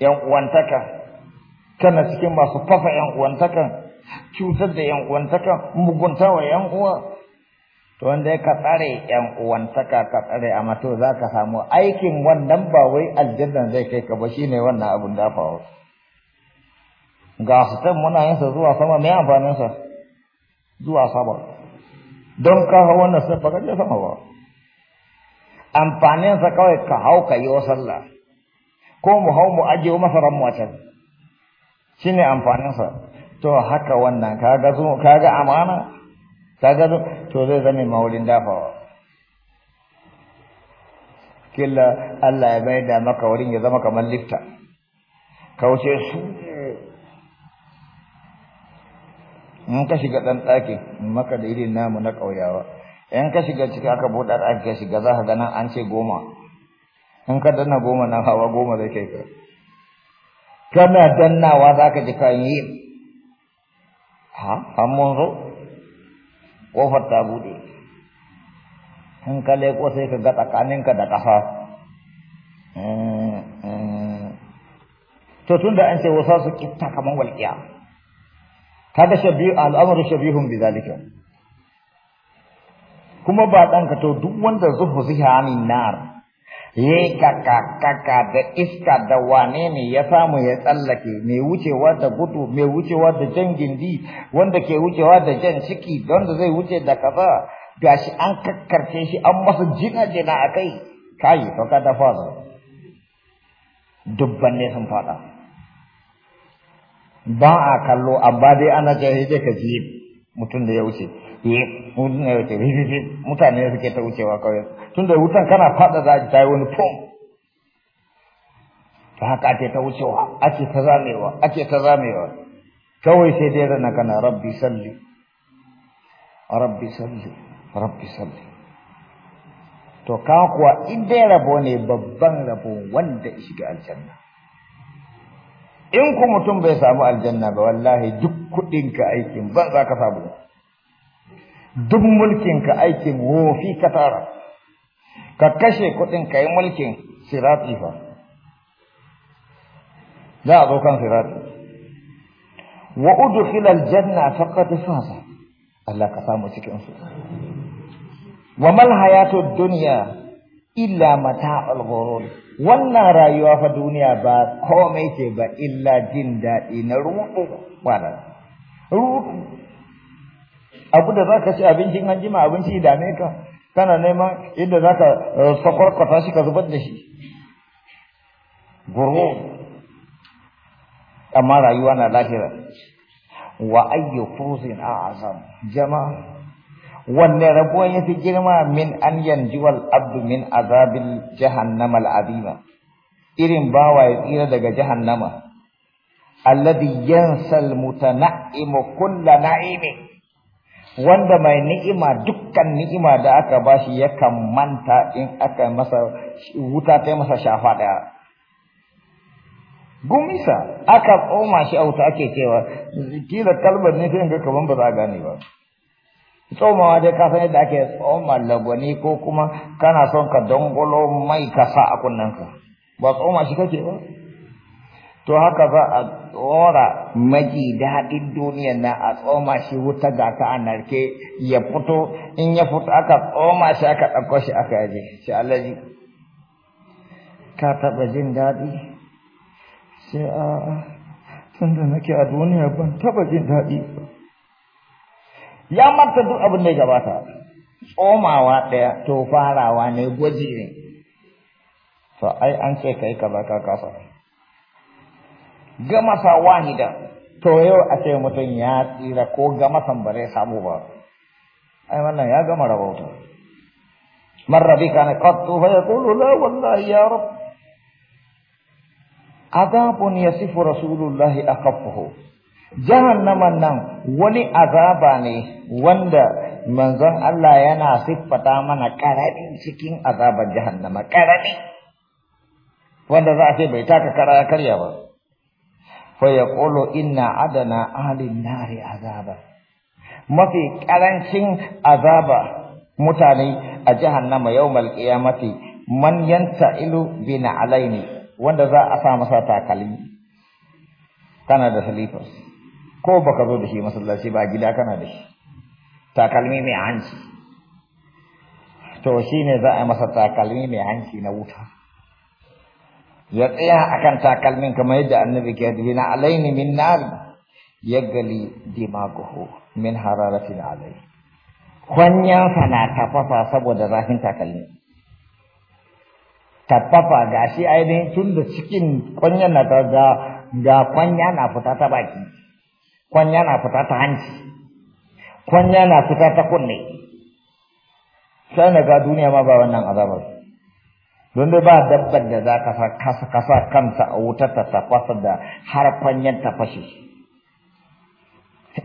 yan uwantaka kana cikin masu fafa yan uwantakan cutar da yan uwantakan mugunta wa yan uwa to wanda ka tsare yan uwantaka ka tsare a mato za ka samu aikin wannan ba wai aljanna zai kai ka ba shine wannan abun dafawa ga su tan muna yin sa zuwa sama mai amfanin sa zuwa sama don ka hawa wannan sai ba je sama ba amfaninsa kawai ka hau ka yi wa sallah ko mu hau mu ajiye masa ran mu a can shi ne amfaninsa to haka wannan kaga zo amana kaga to zai zame maulin dafawa killa Allah ya bai da maka wurin ya zama kamar lifta kauce su in ka shiga ɗan ɗaki maka da irin namu na ƙauyawa in ka shiga ciki aka buɗe ɗaki ka shiga za ka ga nan an ce goma in ka danna goma nan hawa goma zai kai ka kana dannawa za ka ji kan yi ha an mun zo ƙofar ta buɗe in ka leƙo sai ka ga tsakaninka da ƙasa to tun da an ce wasa su kitta kamar walƙiya kaga shabihu al'amru shabihun bi zalika kuma ba ɗan ka to duk wanda zuhu zihanin nar ya kaka kaka da iska da wane ne ya samu ya tsallake mai wucewa da gudu mai wucewa da jan gindi wanda ke wucewa da jan ciki wanda zai wuce da kaza Ga shi an kakkarce shi an masa jina jina a kai Kayi, to ka ta dubban ne sun fada ba a kallo amma dai ana jahi ka ji mutum da ya wuce mutum ya mutane suke ta wucewa kawai tun da wutan kana fada za a ji ta yi wani fom ta haka ake ta wucewa ake ta zamewa ake ta zamewa kawai sai dai rana kana rabbi salli rabbi salli rabbi salli to ka kuwa in dai rabo ne babban rabo wanda ya shiga aljanna in ku mutum bai samu aljanna ba wallahi duk kuɗinka aikin ban za ka samu duk mulkin ka aikin wofi ka tara ka kashe kuɗin ka yi mulkin sirati fa za a zo kan sirati wa udkhila aljanna faqad sa Allah ka samu cikinsu. su wa mal hayatud dunya illa mata'ul ghurur wannan rayuwa fa duniya ba komai ce ba illa jin daɗi na ruɗu ruɗu abu da zaka ci abincin an abinci da ne ka kana neman inda zaka eh, sakwarkwata shi ka zubar da shi guru amma rayuwa na lahira wa ayyu fuzin azam jama'a wanne ya yafi girma min an yanjiwal abdu min azabin jahannama al'azima irin bawa ya tsira daga jahannama alladhi yansal mutana'imu kulla wanda mai ni'ima dukkan ni'ima da aka ba bashi yakan manta in aka masa wuta ta masa shafa daya gumisa aka tsoma shi a wuta ake cewa kila kalmar ne sai ga kaman ba za a gane ba tsomawa dai ka san yadda ake tsoma lagwani ko kuma kana son ka dangolo mai ka sa a kunnanka ba tsoma shi kake ba to haka ba a tsora maji daɗin duniya na a tsoma shi wuta ga ta a narke ya fito in ya fito aka tsoma shi aka ɗauko shi aka yaje shi alaji ka taɓa jin daɗi sai a tun da nake a duniya ban taɓa jin daɗi ya manta duk abin da ya gabata tsomawa ɗaya to farawa ne gwaji ne to ai an ce kai ka ba ka kasa gamasa wahida to yau a ce mutum ya tsira ko gamasan ba zai samu ba ai wannan ya gama rabauta man rabika na qattu fa yaqulu la wallahi ya rab azabun yasifu rasulullahi akaffahu jahannaman nan wani azaba ne wanda manzon Allah yana siffata mana karamin cikin azabar jahannama karami wanda za a ce bai taka kara karya ba fayaqulu inna adana ahlin nari azaba mafi karancin azaba mutane a jahannama yawmal qiyamati man yanta ilu bin alaini wanda za a sa masa takali kana da salifas ko baka zo da shi masallaci ba gida kana da shi takalmi mai hanci to shine za a masa takalmi mai hanci na wuta ya tsaya akan takalmin kamar yadda annabi ke yadda na alaini min nari ya gali dimaguhu min hararatin alai kwanyansa na tafafa saboda zafin takalmi tafafa ga shi ainihin tun da cikin kwanyan na ga ga kwanya na fita ta baki kwanya na fita ta hanci kwanya na fita ta kunne sai na ga duniya ma ba wannan azabar don dai ba dabbar da za ka kasa kasa kanta a wutar ta tafasa da har fanyen ta fashe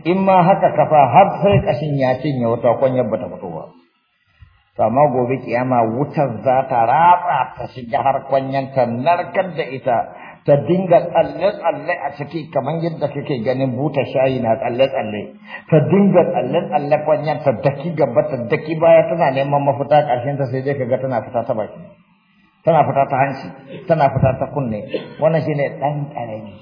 in ma haka kafa har sai kashin ya cinye wata kwanyar ba ta fito ba amma gobe kiyama wutar za ta ratsa ta shiga har kwanyen ta narkar da ita ta dinga tsalle-tsalle a ciki kamar yadda kake ganin buta shayi na tsalle-tsalle ta dinga tsalle-tsalle kwanyen ta daki gaba ta daki baya tana neman mafita ƙarshen ta sai dai ka ga tana fita ta baki tana fita ta hanci tana fita ta kunne wannan shine dan karami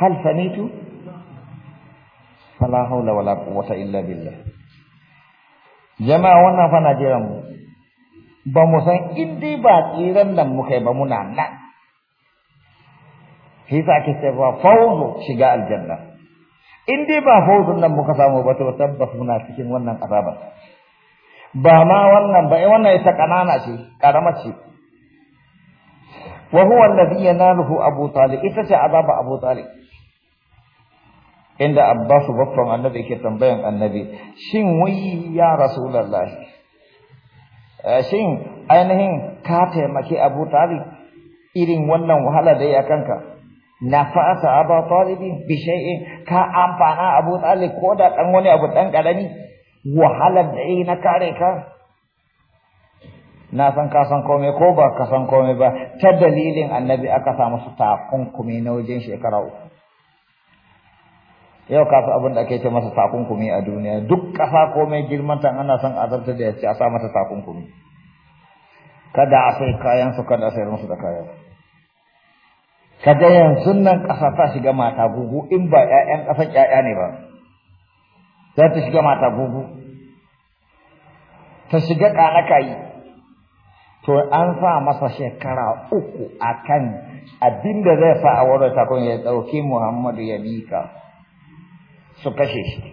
hal samitu fala haula wala quwwata illa billah jama'a wannan fa Najeriya mu ba mu san inda ba tsiran nan muka yi ba muna nan shi yasa ake cewa fawzu shiga aljanna in dai ba fawzun nan muka samu ba to tabbas muna cikin wannan azabar ba ma wannan ba eh, wannan ita kanana ce karama ce wa huwa alladhi yanaluhu abu talib ita ce azaba abu talib inda abbasu baffan annabi yake tambayan annabi shin wai ya rasulullah eh, shin ainihin ka taimaki abu talib irin wannan wahala da ya kanka Na nafa'asa abu talibi bi shay'in ka amfana abu talib ko da dan wani abu dan karami wahalar da yi na kare ka na san ka san komai ko ba ka san komai ba ta dalilin annabi aka samu su takunkumi na wajen shekara uku yau ka fi abin ake ce masa takunkumi a duniya duk ƙasa komai girmanta ana son azarta da ya ce a sa mata takunkumi kada a sai kayan su kada a sayar musu da kayan kaga yanzu nan ƙasa ta shiga mata gugu in ba 'ya'yan ƙasan 'ya'ya ne ba sai ta shiga mata gugu ta shiga kanakayi to an sa masa shekara uku a kan abin da zai sa a wurin takon ya ɗauki muhammadu ya mika su kashe shi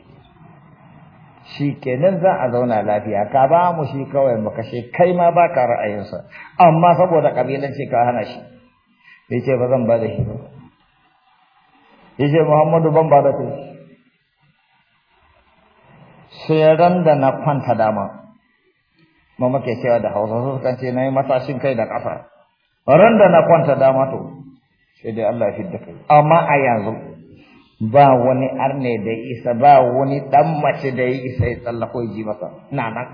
shi kenan za a zauna lafiya ka ba mu shi kawai mu kashe kai ma ba ka ra'ayinsa amma saboda ƙabilanci ka hana shi ya ce ba zan ba da shi ba ya ce muhammadu ban ba da ku sai ran da na kwanta dama ma muke cewa da hausa su kan ce na yi matashin kai da ƙasa ran da na kwanta dama to sai dai Allah ya fidda kai amma a yanzu ba wani arne da isa ba wani dan mace da ya isa ya tsallako ya ji masa na nan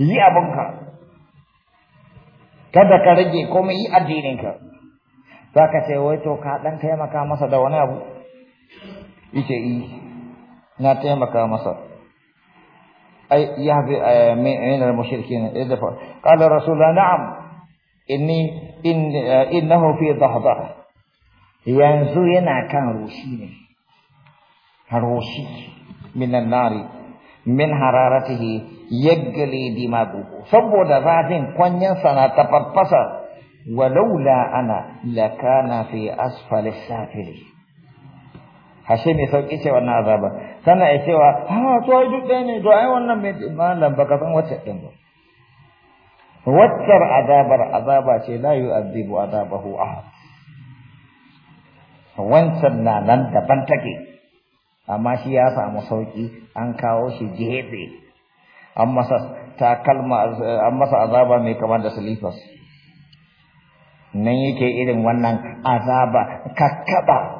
yi abinka kada ka rage komai yi addininka za ka ce wai to ka dan taimaka masa da wani abu yake yi na taimaka masa أي يهدي آه، من المشركين قال الرسول نعم إني إن آه، إنه في ضحضة ينزوينا كان روسين روشي من النار من حرارته يجلي دماغه سبب ذاتين كونين سنة تفرفسر ولولا أنا لكان في أسفل السافلين هشيمي mai sauƙi ce Tana ya cewa ha to duk ɗaya ne to ai wannan mai malam baka san wacce ɗin ba waccar azabar azaba ce la yu'adhibu azabahu ahad wancan na nan daban take amma shi ya samu sauki an kawo shi gefe an masa takalma an masa azaba mai kama da silifas nan yake irin wannan azaba kakkaba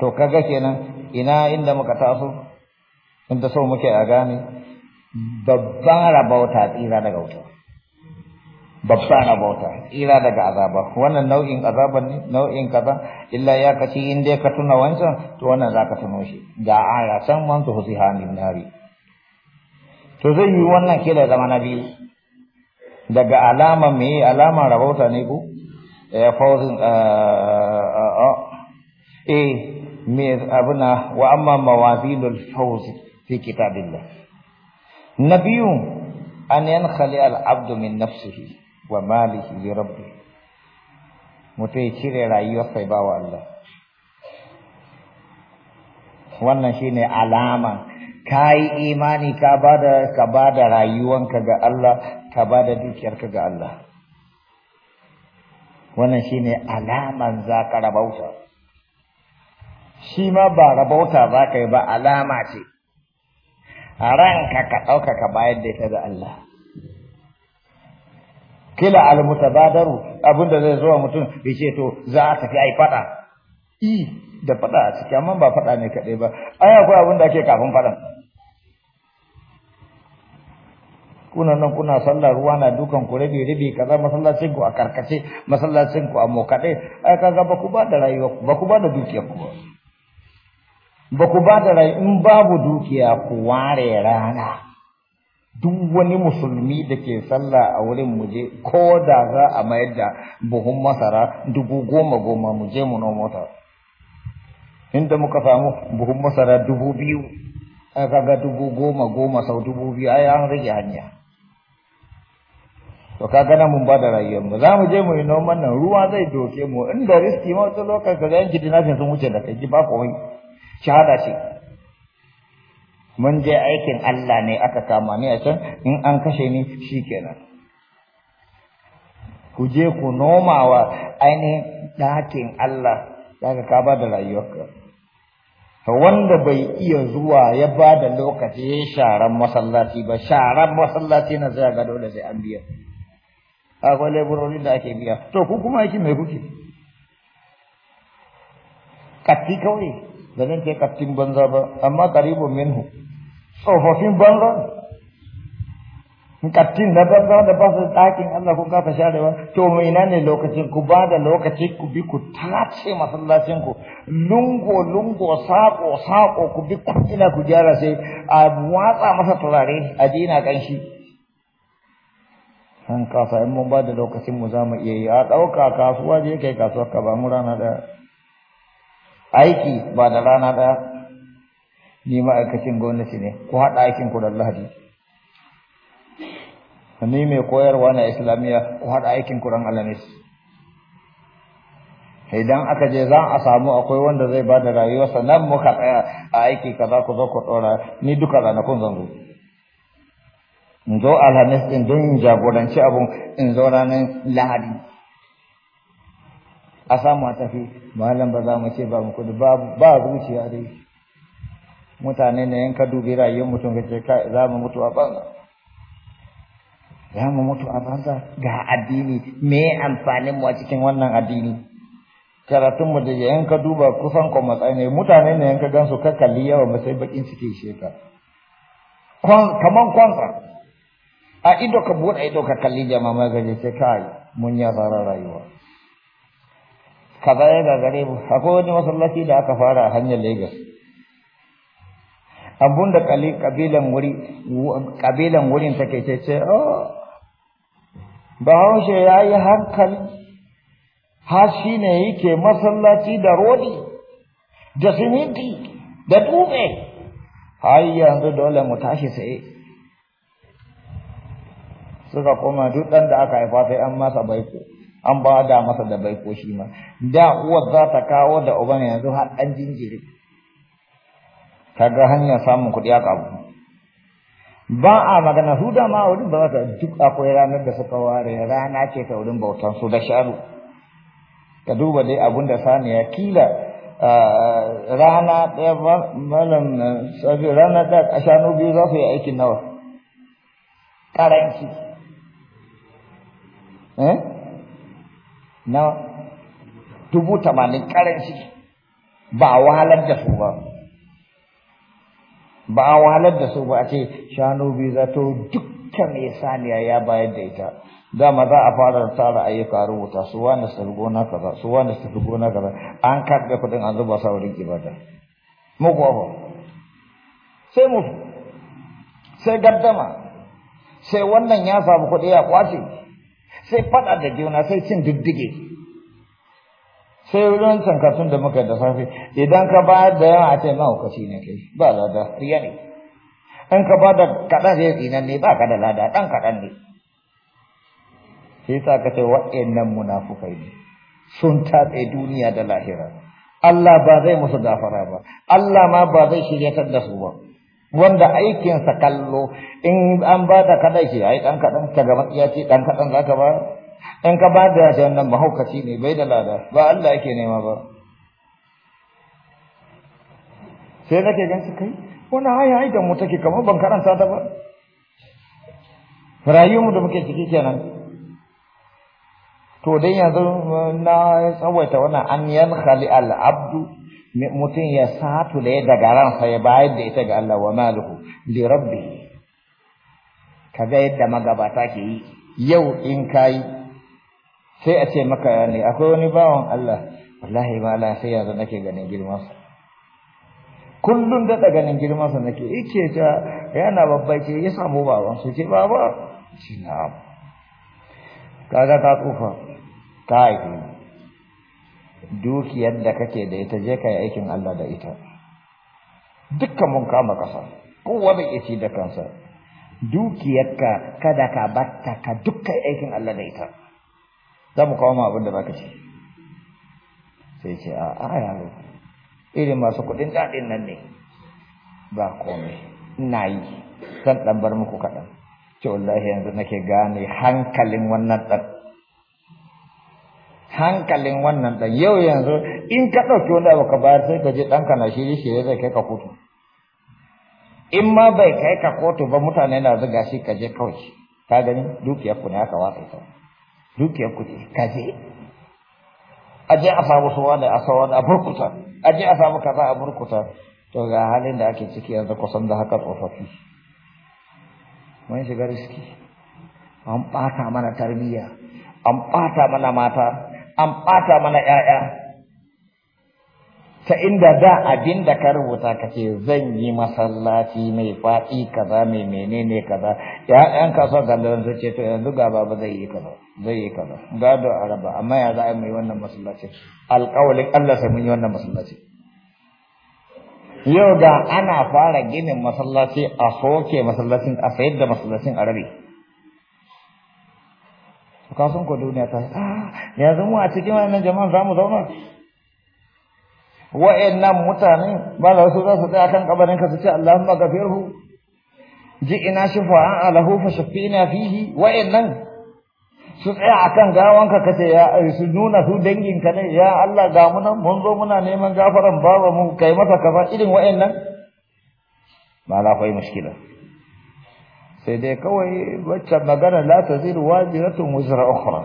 to kaga kenan ina inda muka taso inda so muke a gane babban rabauta tsira daga wuta babban rabauta tsira daga azaba wannan nau'in azaba ne nau'in kaza illa ya kaci in dai ka tuna wancan to wannan za ka tuno shi ga aya san man su husi hanin nari to zai yi wannan kila zama na biyu daga alama me alama rabauta ne ko fauzin eh, eh, eh, eh me abuna wa amma mawazinul fawz fi kitabillah nabiyyu an yankhali al abd min nafsihi wa malihi li rabbih mutai cire rayuwar sai bawa Allah wannan shine alama kai imani ka bada ka bada rayuwanka ga Allah ka bada dukiyarka ga Allah wannan shine alaman zakarabauta shi ma ba rabauta za ka yi ba alama ce a ranka ka ɗauka ka da ita ga Allah kila almutabadaru abinda zai zo mutum ya ce to za a tafi ai fada i da fada a ciki amma ba faɗa ne kaɗai ba ai akwai abin da ake kafin faɗan. kuna nan kuna sallar ruwa na dukan ku rabi rabi kaza masallacin ku a karkace masallacin ku a mokaɗe ai kaga ba ku ba da rayuwa ba ku ba da dukiyar ku ba ba ku ba da rai in babu dukiya ku ware rana duk wani musulmi da ke sallah a wurin muje ko da za a mayar da buhun masara dubu goma goma muje mu nomo ta inda muka samu buhun masara dubu biyu aka ga dubu goma goma sau dubu biyu ai an rage hanya to ka gana mun ba da rayuwar mu za mu je mu yi noman nan ruwa zai doke mu inda riski ma wata lokacin ka zai yanki dinafin sun wuce da kai ji ba kawai shahada ce mun je aikin Allah ne aka kama ni a can in an kashe ni shi kenan. ku je ku nomawa ainihin ɗakin Allah daga ka ba da rayuwarka to wanda bai iya zuwa ya ba da lokaci ya sharan masallaci ba sharan masallaci na zai ga dole sai an biya akwai laborori da ake biya to ku kuma aiki mai kuke katti kawai da nan ke kaftin banza ba amma karibu minhu tsofaffin banza kattin na banza da ba su ɗakin Allah kun ta sharewa to mai ina ne lokacin ku ba da lokaci ku bi ku tace masallacin ku lungo lungo sako sako ku bi ku ina ku jara sai a ah, watsa masa turare a dina kanshi an kasa in mun ba da lokacin mu za mu iya yi a ɗauka kasuwa je kai kasuwa ka ba mu rana da aiki ba da rana ɗaya ni ma'aikacin gwamnati ne ku haɗa aikin ku da lahadi ni mai koyarwa na islamiyya ku haɗa aikin ku ran alamis idan aka je za a samu akwai wanda zai ba da rayuwarsa nan muka tsaya a aiki ka za ku zo ku ɗora ni duka ranakun zan zo in zo alhamis ɗin don in jagoranci abun in zo ranar lahadi a samu a tafi malam ba za mu ce ba mu kudu ba zuciya dai mutane ne in ka dubi rayuwar mutum ka ce za mu mutu a banza za mu mutu a banza ga addini me amfanin mu a cikin wannan addini karatun mu da in ka duba kusan kwamatsai ne mutane ne in ka gansu su ka kalli yawa ba sai bakin suke sheka kaman kwansa a ido ka buɗe ido ka kalli jama'a magaji sai kai mun yi fara rayuwa kaza ya gagare mu akwai wani masallaci da aka fara a hanyar Lagos abun da kabilan wurin take ce ce oh bahaushe yi hankali ha shi ne yake masallaci da rodi da siminti da dube har yanzu dole mu tashi sai suka koma duk dan da aka haifa sai an masa baiko an ba da masa da bai shi ma da uwa za ta kawo da uban yanzu har dan jinjiri kaga hanyar samun kuɗi aka abu ba a magana su da ma wurin ba za ta duk akwai ranar da suka ware rana ce ta wurin bautan su da sharu ka duba dai abun da Sani ya kila rana ɗaya malam sabi rana ɗaya a shanu biyu za su yi aikin nawa ƙaranci eh na dubu tamanin karanci ba walar da su ba ba a walar da su ba a ce shanu biyu zato dukkan mai saniya ya bayar da ita dama za a fara tsara ayyuka rubuta su wanda su gona kaza su wanda su gona kaza an karɓe kuɗin an zuba sa wurin ibada mu kuwa sai mu sai gaddama sai wannan ya samu kuɗi ya kwace sai faɗa da juna sai cin diddige sai wurin tankatun da muka da safe idan ka bayar da yawa a ce mahaukaci ne kai ba lada riya ne in ka ba da kaɗan ne tsinan ne ba ka da lada ɗan kaɗan ne sai sa ka ce wa'annan munafukai ne sun tatse duniya da lahira Allah ba zai musu gafara ba Allah ma ba zai shiryatar da su ba wanda aikinsa kallo in an ba da kadai shi ai dan kadan ka gaba matsiya ce dan kadan ka ba in ka ba da shi wannan mahaukaci ne bai da lada ba Allah yake nema ba sai nake gan kai wani haya ai da mu take kamar ban karanta ta ba rayuwar mu da muke ciki kenan to dai yanzu na tsawaita wannan an yankhali al abdu mutum ya satu da ya daga ransa ya bayar da ita ga Allah wa maluhu li rabbi kaga yadda magabata ke yi yau in kai sai a ce maka ne akwai wani bawan Allah wallahi ma Allah sai yanzu nake ganin girman sa kullun da ganin girmansa sa nake yace ta yana babba ce ya samu baban su ce baba shi na kaga ka tsufa kai dukiyar da kake da ita je ka yi aikin Allah da ita dukkan mun kama ƙasa kowa bai iya ci da kansa dukiyarka kada ka batta ka dukkan aikin Allah da ita za mu kawo ma abin da baka ci sai ce a a yaro irin masu kuɗin daɗin nan ne ba komai ina yi zan ɗan bar muku kaɗan ce wallahi yanzu nake gane hankalin wannan ɗan hankalin wannan dan yau yanzu in ka ɗauki wani abu ka bayar sai ka je danka na shiri shirye zai kai ka kotu in ma bai kai ka kotu ba mutane na zuga shi ka je kawai ka gani dukiyar ku ne aka watsa ita dukiyar ku ce ka je a je a samu su wani a samu a burkuta a je a samu kaza a burkuta to ga halin da ake ciki yanzu kusan da haka tsofaffi mun shiga riski an ɓata mana tarbiyya an ɓata mana mata an ɓata mana ‘ya'ya ta inda za abin da ka rubuta ka ce zan yi masallaci mai faɗi kaza mai menene kaza ‘ya'yan kasuwa gandaran su ce to yanzu ga baba zai yi kaza zai yi kaza gado a raba amma ya za a yi mai wannan masallaci alƙawalin Allah sai mun yi wannan masallaci yau da ana fara ginin masallaci a soke masallacin a sayar da masallacin a rabe ka san ko duniya ta ah, yanzu mu a cikin wannan jama'an zamu zauna wa'annan mutane ba za su za tsaya kan kabarin ka su ce Allahumma ghafirhu ji'ina shifa'a alahu fa shifina fihi wa'annan su tsaya akan gawanka kace ya su nuna su dangin ka ne ya Allah ga mu nan mun zo muna neman gafaran baba mu kai masa kafa. irin wa'annan ba la kai mushkila sai dai kawai wacce magana la zira waziratun wuzra ukhra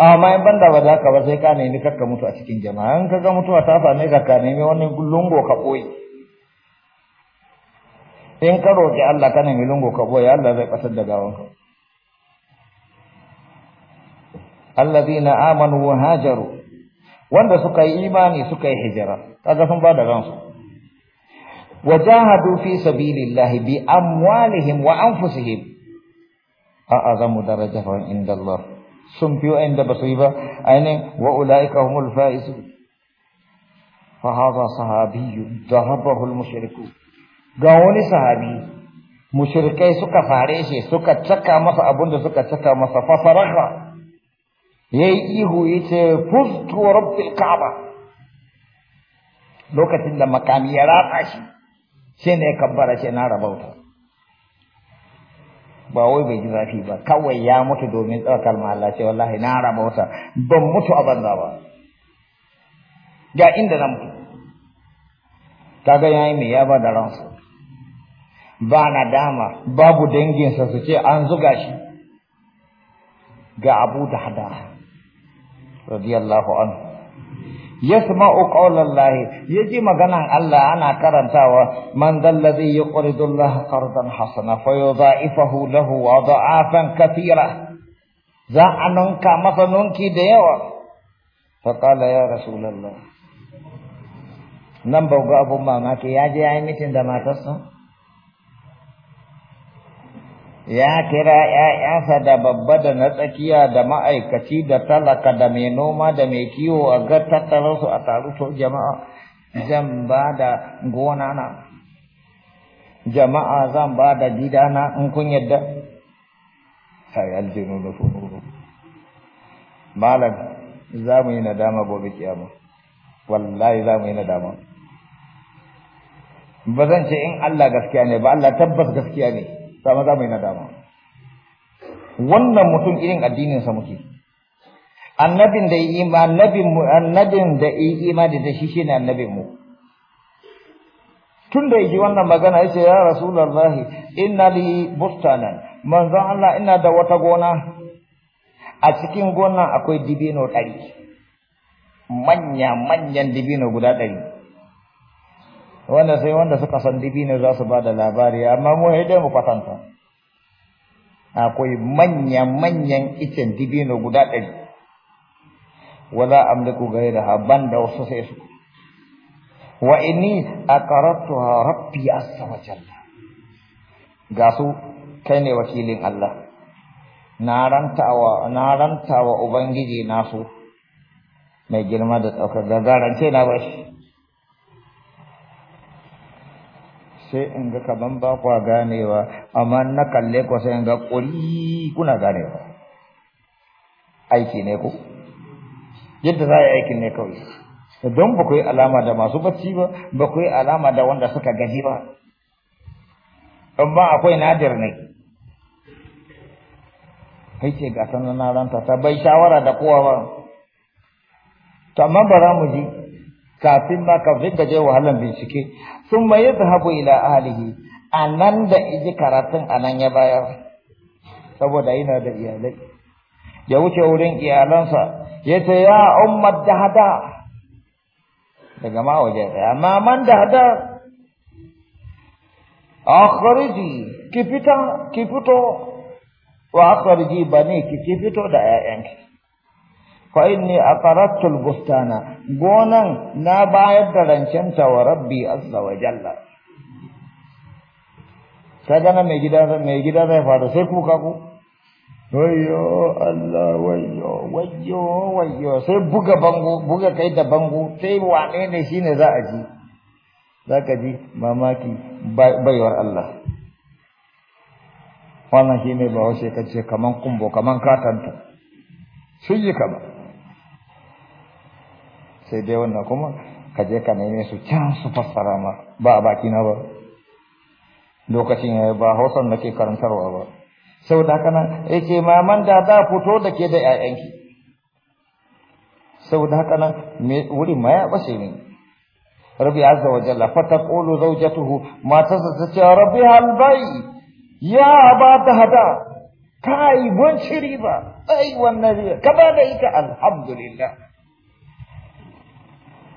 amma in banda ba zaka ba sai ka nemi kakka mutu a cikin jama'a in kaga mutuwa ta tafa ne ka nemi wani lungo ka boye in ka roƙi Allah ka nemi lungo ka boye Allah zai kasar da ka alladhina amanu wa hajaru wanda suka yi imani suka yi hijira kaga sun ba da ransu وجاهدوا في سبيل الله باموالهم وانفسهم اعظم درجه عند الله سمبيو عند بصيبه اين واولئك هم الفائزون فهذا صحابي ذهبه المشركون gawani sahabi mushrikai suka fare shi suka caka masa abunda suka caka masa fasaraka ya yi ihu ya ce fuskuwar lokacin da makami ya rata shi sai ne kabbara ce na rabauta ba wai bai ji zafi ba kawai ya mutu domin tsarkar Allah sai wallahi na rabauta ban mutu a banza ba ga inda na mutu kaga yayi mai ya ba da ransu ba na dama babu danginsa su ce an zuga shi ga Abu da Hada radiyallahu anhu yasma'u qawlallahi yaji maganan Allah ana karantawa man dallazi yuqridu Allah qardan hasana fa yudha'ifahu lahu wa da'afan katira za a nunka masa ki da yawa fa qala ya rasulullah nan bauga abun mamaki ya je ya yi mitin da matarsa ya kira ‘ya'yansa da babba da na tsakiya da ma'aikaci da talaka da mai noma da mai kiwo a ga tattara a taru so jama'a zan ba da gona na jama'a zan ba da gida na in kun yadda sai aljinu da funuru malam za mu yi nadama gobe kiyama wallahi za mu yi nadama ba zan ce in Allah gaskiya ne ba Allah tabbas gaskiya ne sama za mu dama wannan mutum irin addinin sa muke annabin da yi annabin mu annabin da yi imani da shi shine annabin mu tun da yaji wannan magana yace ya rasulullahi inna li bustanan manzo Allah ina da wata gona a cikin gona akwai dibino ɗari manya manyan dibino guda ɗari wanda sai wanda suka san dibino za su ba da labari amma mu hede mu kwatanta akwai manya-manyan icen dibino guda ɗari wala amliku gare da haban da wasu sai su wa inni aqaratu rabbi as wa jalla ga su kai ne wakilin Allah na rantawa na rantawa ubangiji nasu mai girma da ɗaukar da garance na bashi sai in ga kaman ba kwa ganewa amma na kalle ku sai in ga kuri kuna ganewa aiki ne ku yadda za a yi aikin ne kawai don ba ku yi alama da masu bacci ba ba ku yi alama da wanda suka gaji ba ba akwai nadir ne kai ce ga sanar na ranta ta bai shawara da kowa ba to amma za mu ji kafin ma kafin ka je wahalan bincike sun ma zahabu ila a nan da iji karatun a nan ya bayar saboda yana da iyalai ya wuce wurin iyalansa ya ce ya ummar hada, daga ma waje amma man a akhriji ki fita ki fito wa akhriji bani ki ki fito da ƴaƴanki fa inni aqaratul bustana gonan na bayar da rancen ta wa rabbi azza wa jalla kaga na mai gida mai gida zai fara sai kuka ku wayyo Allah wayyo wayyo wayyo sai buga bango buga kai da bango sai wane ne shine za a ji zaka ji mamaki baiwar Allah wannan shi ne ba wasu kace kaman kumbo kaman katanta sun yi kama sai dai wannan kuma ka je ka neme su can su fassara ma ba a baki na ba lokacin ya ba hausan da ke karantarwa ba sau da haka nan ce maman da za fito da ke da ƴaƴanki da haka nan wuri ma ya bace ne rabi azza wa jalla fataqulu zawjatuhu matarsa ta ce rabbi halbai ya ba ta hada kai yi shiri ba tsayi wannan ka ba da ita alhamdulillah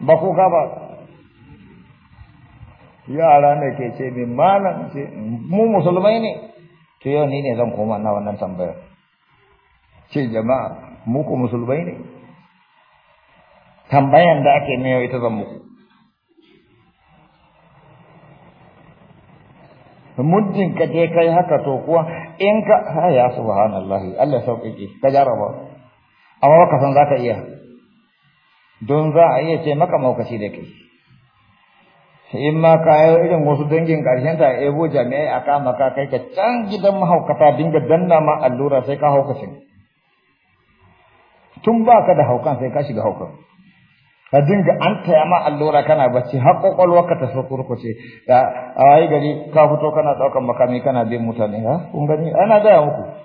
ba ko ka ba yara ne ke ce min malam ce mu musulmai ne to yau ni ne zan koma na wannan tambayar ce jama'a mu ko musulmai ne tambayan da ake mai ita zan muku muddin ka je kai haka to kuwa in ka ha ya subhanallahi Allah sauƙi ka jaraba amma ka san zaka iya don za a iya ce maka maukaci da kai in ma yi irin wasu dangin ƙarshen ta ebo jami'ai a kama ka kai ka can gidan mahaukata dinga danna ma allura sai ka hauka shi tun ba ka da haukan sai ka shiga haukan ka dinga an taya ma allura kana bacci har kwakwalwarka ta so kurkuce da a wayi gari ka fito kana ɗaukan makami kana bin mutane ha kun gani ana gaya muku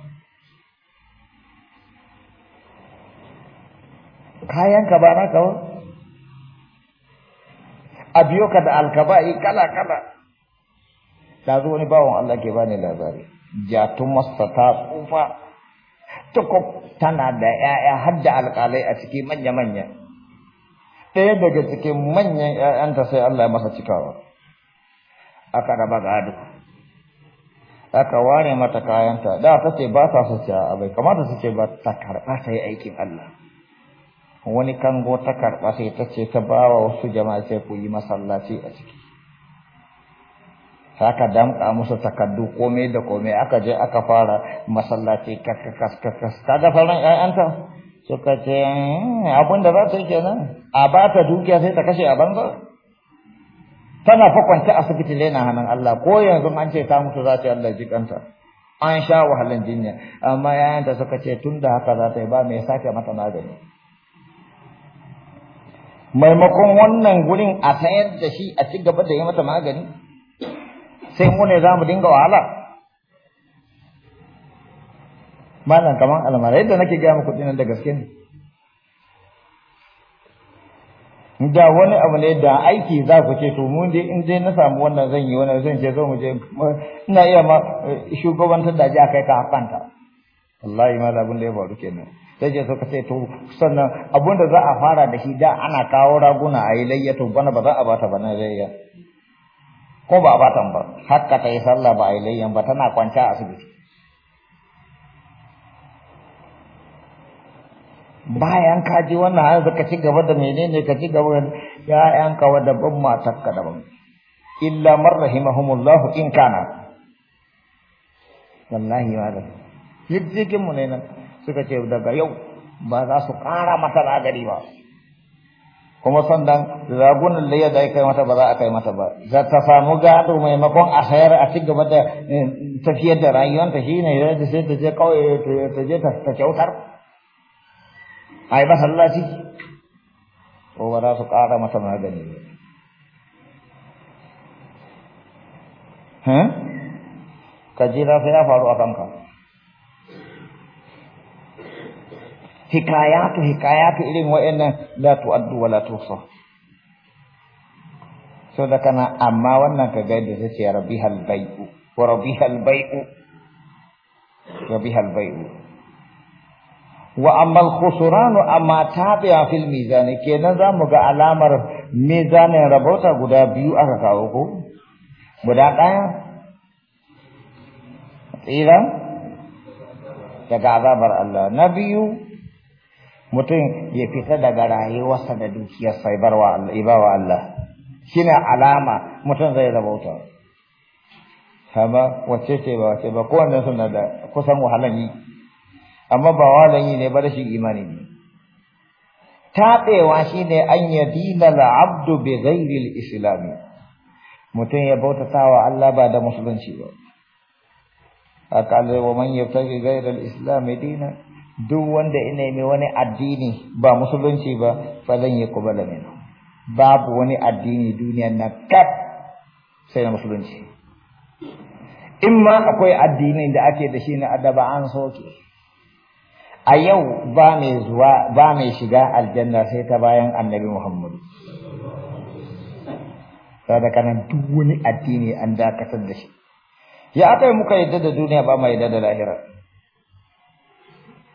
kayanka ba naka ba a biyo ka da alkaba'i kala-kala da zo wani bawon Allah ke bani labari jatumarsa ta tsufa tukuk tana da ‘ya'ya har da alƙalai a ciki manya-manya ɗaya daga cikin manyan ‘ya'yanta sai Allah ya masa cikawa aka raba gado aka ware mata kayanta da ta ce ba ta su a abai kamata su ce ba ta karɓa ta yi aikin Allah wani kango ta karɓa sai ta ce ta ba wa wasu jama'a sai ku yi masallaci a ciki Ta ka damƙa musu takardu komai da komai aka je aka fara masallaci kakakaskas ta da faran ƴaƴanta suka ce hmm, abin da za ta yi kenan a ba ta dukiya sai ta kashe a banza tana fa kwance asibiti lena hannun Allah ko yanzu an ce ta mutu za ta yi Allah jikanta an sha wahalan jinya amma ƴaƴanta suka ce tun da haka za ta yi ba mai sake mata magani maimakon wannan gurin a sayar da shi a ci gaba da yi mata magani sai mu ne za mu dinga wahala malam kaman almara yadda nake gaya muku dinan da gaske ne da wani abu ne da aiki za ku ce to mu dai in dai na samu wannan zan yi wannan zan ce zo mu je ina iya ma eh, shugabantar da ji akai ka hakanta wallahi malam da ya faru kenan sai je suka ce to sannan abinda za a fara da shi da ana kawo raguna a yi layya to bana ba za a bata ba na layya ko ba a bata ba hakka ta yi sallah ba a yi layyan ba tana kwanta a asibiti bayan ka ji wannan har ka ci gaba da menene ka ci gaba da ka wa daban da daban illa man rahimahumullah in kana wallahi wa yadda mu ne nan suka ce daga yau ba za su ƙara mata lagari ba kuma sannan ragunan da yadda kai mata ba za a kai mata ba za ta samu gado maimakon a sayar a ci gaba da eh, tafiyar da rayuwanta shi ne da sai ta je kawai ta je ta kyautar a yi masallaci ko ba za su ƙara mata magani ba ka jira sai ya faru a kanka hikayatu hikayatu irin wa'annan la tu'addu wa la tuhsa so da kana amma wannan ka gaida sai ce rabihal bai'u wa rabihal bai'u rabihal bai'u wa amma al-khusranu amma tabi'a fil mizan kenan zamu ga alamar mizanin rabota guda biyu aka kawo ko guda daya tsira daga azabar Allah na biyu mutum ya fita daga rayuwarsa da dukiyarsa ibawa Allah shine alama mutum zai rabauta kama wacce ce ba wacce ba kowanne suna da kusan wahalan yi amma ba wahalan yi ne ba shi imani ne taɓewa shine an yadina abdu bi ghairi al mutum ya bauta tawa Allah ba da musulunci ba a kalewa man ta ghairi al-islam duk wanda ina yi wani addini ba musulunci ba fa zan yi kubala minhu babu wani addini duniyar na kat sai na musulunci in akwai addinin da ake da shi na adaba an soke a yau ba mai zuwa ba mai shiga aljanna sai ta bayan annabi muhammadu saboda kana duk wani addini an dakatar da shi ya aka yi muka yadda da duniya ba mai yadda da lahira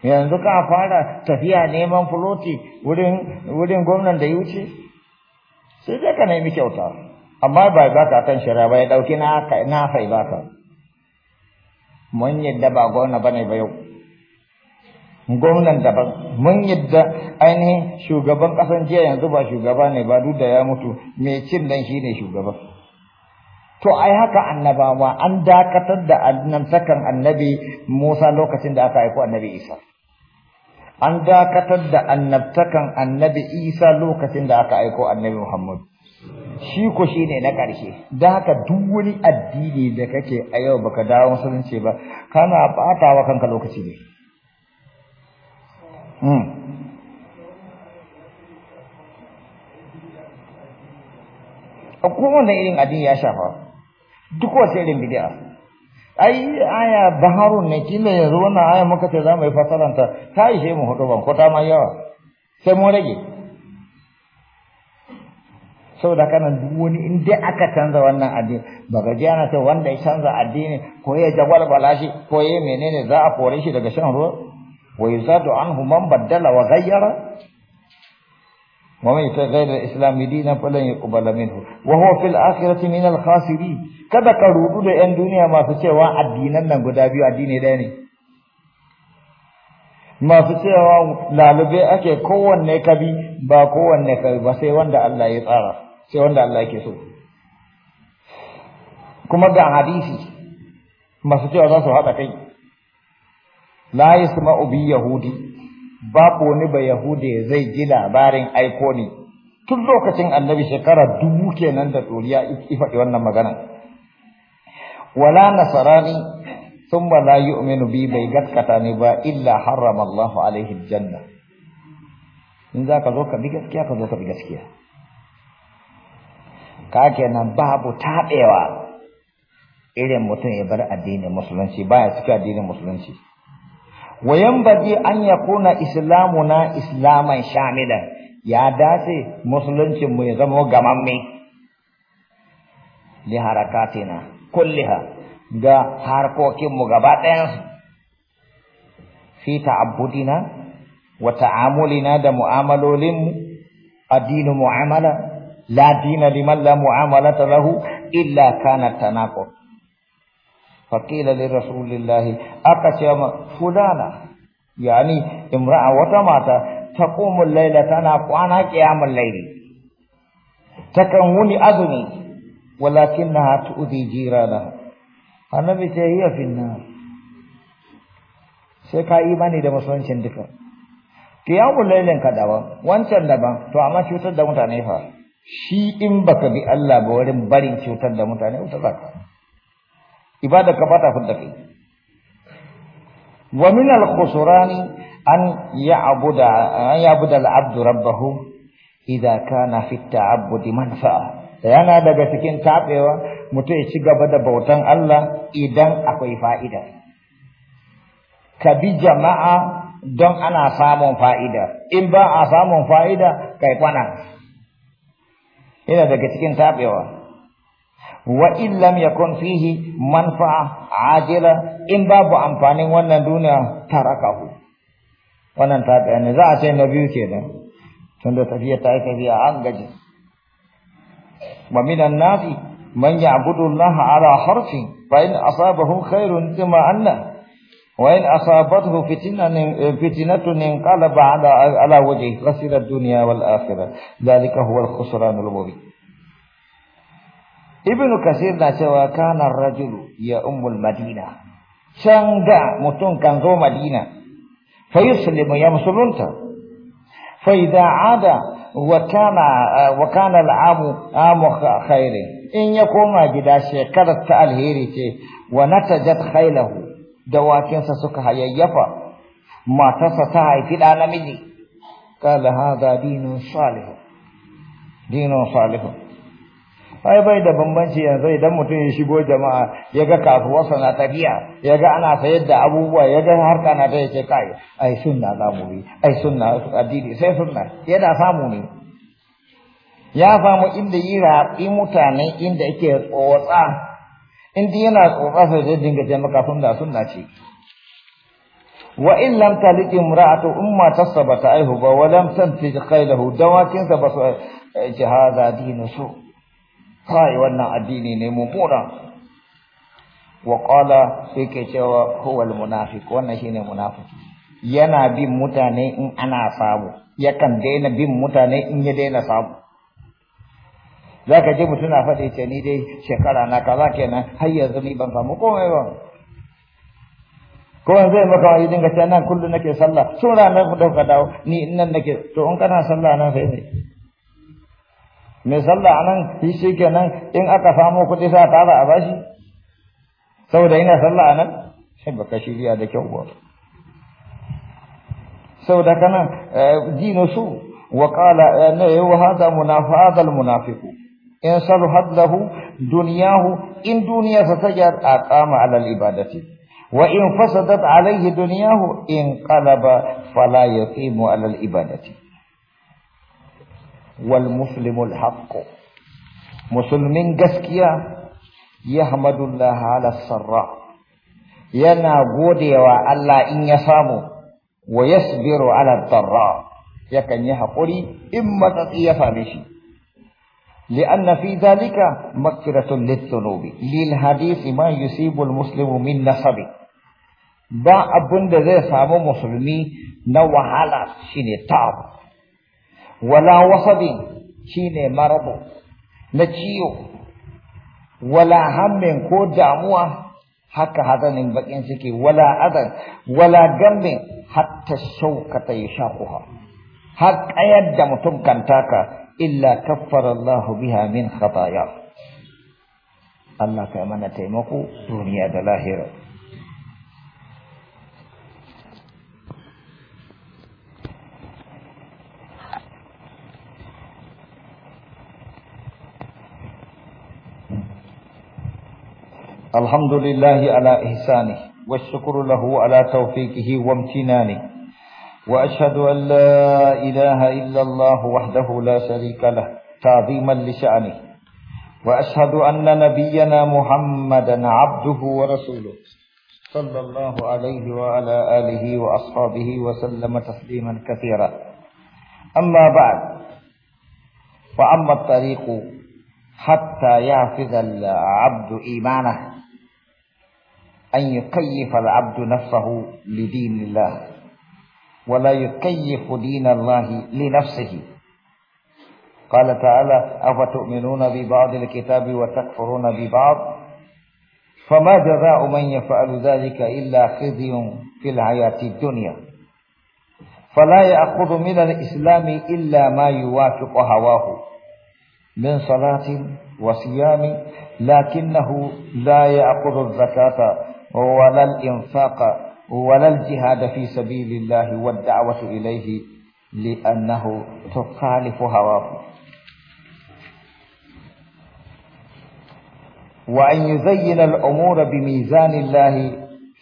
yanzu ka fara tafiya neman fuloti wurin gwamnan da wuce? sai dai ka nemi kyauta amma ba ka kan shari'a ba ya dauki na haifai ba ka mun yadda ba gwamna ne ba yau gwamnan daban mun yadda ainihin shugaban kasan jiya yanzu ba shugaba ne ba duk da ya mutu mai cin dan ne shugaba to ai haka annabawa an dakatar da annabtakan annabi Musa lokacin da aka aiko annabi Isa an dakatar da annabtakan annabi Isa lokacin da aka aiko annabi Muhammad shi ko ne na ƙarshe da haka duk wani addini da kake a yau baka dawo musulunci ba kana batawa kanka lokaci ne hmm. kowane irin addini ya shafa duk wasu irin bid'a ai aya baharun ne kila yanzu wannan aya muka ce za mu yi fasaranta ta ishe mu hudu ban kwata ma yawa sai mu rage saboda kana duk wani in dai aka canza wannan addini ba ga ji ana cewa wanda ya canza addini ko ya jagwal balashi, ko ya menene za a kore shi daga shan ruwa wa yuzadu anhu man baddala wa ghayyara ومن يطع غير الاسلام دينا فلن يقبل منه وهو في الاخره kada ka ruɗu da 'yan duniya masu cewa addinan nan guda biyu addini ɗaya ne masu cewa lalube ake kowanne ka ba kowanne ka ba sai wanda Allah ya tsara sai wanda Allah ke so kuma ga hadisi masu cewa za su haɗa kai la yasma'u bi yahudi babu wani ba yahude zai ji labarin aiko ni tun lokacin annabi shekara dubu kenan da doriya ifaɗi wannan magana wala nasarani thumma la yu'minu bi bai gaskata ne ba illa harrama Allahu alaihi janna in za ka zo ka bi gaskiya ka zo ka bi gaskiya ka kenan babu taɓewa irin mutum ya bar addinin musulunci baya cikin addinin musulunci Wayan baje an yakuna islamuna islaman shamilan ya dace musuluncin mu ya zama gamamme li harakatina kulliha ga harkokin mu gaba ɗayan fi ta'abbudina wa ta'amulina da mu'amalolin mu addinu mu'amala la dina liman la mu'amalata lahu illa kana tanaqud faqila li rasulillah aka cewa fulana yani imra'a wata mata taqumul layla tana kwana qiyamul layl takan wuni azumi walakinaha tu'di jirana annabi ce hiya finna sai ka imani da musulunci duka qiyamul laylin ka wancan daban to amma cutar da mutane fa shi in baka bi Allah ba wurin barin cutar da mutane wuta zaka ibadah kepada bata wa min al khusuran an ya'budu ya'budu al-'abdu rabbahu idza kana fi at-ta'abbud manfa'a yana daga cikin tabewa mutu ya cigaba gaba da bautan Allah idan akwai fa'ida ka bi jama'a don ana samun fa'ida in ba a samun fa'ida kai kwana Ina daga cikin tabewa wa illam yakun fihi manfa'a ajila in babu amfanin wannan duniya tarakahu wannan ta bayani za a ce na biyu kenan tunda tafiya ta yi tafiya an gaji wa minan nasi man ya'budu Allah ala harfi fa in asabahu khairun tuma anna وإن أصابته فتنة فتنة انقلب على على وجهه خسر الدنيا والآخرة ذلك هو الخسران المبين ibnu kasir na cewa kana rajulu ya ummul madina can ga mutum kan zo madina fa yuslimu ya musulunta fa idza ada wa kana wa kana al'amu amu khairin in ya koma gida shekarar ta alheri ce wa natajat khailahu dawakinsa suka hayayyafa matarsa ta haifi ɗa namiji قال هذا دين صالح دين ai bai da bambanci yanzu idan mutum ya shigo jama'a ya ga kasuwarsa na tafiya ya ga ana sayar da abubuwa ya ga harka na ta yake kai ai sunna za mu bi ai sunna addini sai sunna yana samu ne ya samu inda yi raɓi mutane inda yake tsotsa inda yana tsotsa sai zai dinga taimaka sunna sunna ce wa in lam talik imra'atu umma tasabata aihu ba wa lam kai qailahu dawakin sa basu jihada dinu su kai wannan addini ne mummuna wa qala sai ke cewa huwal munafiq wannan shine munafiki yana bin mutane in ana sabo, yakan daina bin mutane in ya daina samu zaka ji mutum na faɗi ce ni dai shekara na kaza kenan har yanzu ni ban samu komai ba ko zai maka wani dinga ce nan kullum nake sallah sun ranar ku ɗauka dawo ni in nan nake to in kana sallah nan sai ne mai sallah anan shi shi kenan in aka samu kuɗi sa tara a bashi saboda ina sallah anan sai baka shirya da kyau ba saboda kana eh, dino su wa qala eh, na yawa hada munafadal munafiqu in saluhat lahu dunyahu in duniya sa tajad aqama ala al ibadati wa in fasadat alayhi dunyahu in qalaba fala yaqimu ala ibadati wal muslimul haqqu musulmin gaskiya yahmadullah ala sarra yana godewa Allah in ya samu wa yasbiru ala darra yakan yi haƙuri in matsatsi ya same shi لأن في ذلك مغفرة للذنوب للحديث ما يصيب المسلم من نصب با أبن musulmi سامو مسلمي نوحالا شيني تاب wala wasabin shine marabu na ciwo wala hammin ko damuwa haka hazanin bakin suke wala azan wala gambin hatta shaukata ya shakuha har kayar da mutum kan taka illa kaffara biha min khataya Allah kai mana taimako duniya da lahira الحمد لله على إحسانه والشكر له على توفيقه وامتنانه وأشهد أن لا إله إلا الله وحده لا شريك له تعظيما لشأنه وأشهد أن نبينا محمدا عبده ورسوله صلى الله عليه وعلى آله وأصحابه وسلم تسليما كثيرا أما بعد فأما الطريق حتى يحفظ العبد إيمانه أن يكيف العبد نفسه لدين الله ولا يكيف دين الله لنفسه قال تعالى أفتؤمنون ببعض الكتاب وتكفرون ببعض فما جزاء من يفعل ذلك إلا خزي في الحياة الدنيا فلا يأخذ من الإسلام إلا ما يوافق هواه من صلاة وصيام لكنه لا يأخذ الزكاة ولا الإنفاق ولا الجهاد في سبيل الله والدعوة إليه لأنه تخالف هواه وأن يزين الأمور بميزان الله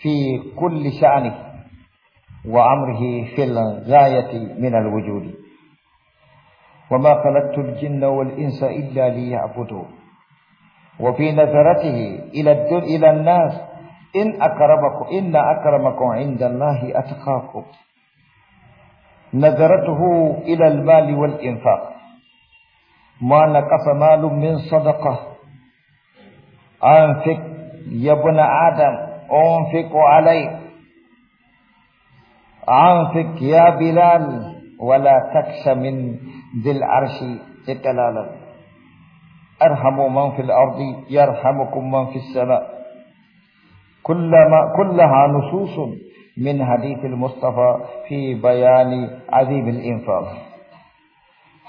في كل شأنه وأمره في الغاية من الوجود وما خلقت الجن والإنس إلا ليعبدون وفي نظرته إلى, إلى الناس إن أكرمكم إن أكرمكم عند الله أتقاكم نظرته إلى المال والإنفاق ما نقص مال من صدقة أنفق يا ابن آدم أنفق عليك أنفق يا بلال ولا تكش من ذي العرش إقلالا ارحموا من في الأرض يرحمكم من في السماء كلما كلها نصوص من حديث المصطفى في بيان عذيب الإنفاق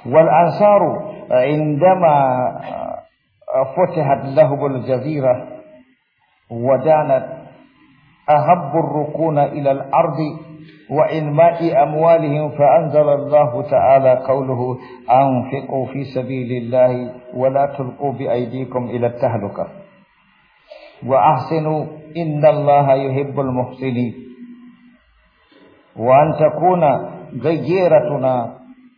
والأنصار عندما فتحت لهم الجزيرة ودانت أهب الركون إلى الأرض وإنماء أموالهم فأنزل الله تعالى قوله أنفقوا في سبيل الله ولا تلقوا بأيديكم إلى التهلكة وأحسنوا إن الله يحب المحسنين وأن تكون غيرتنا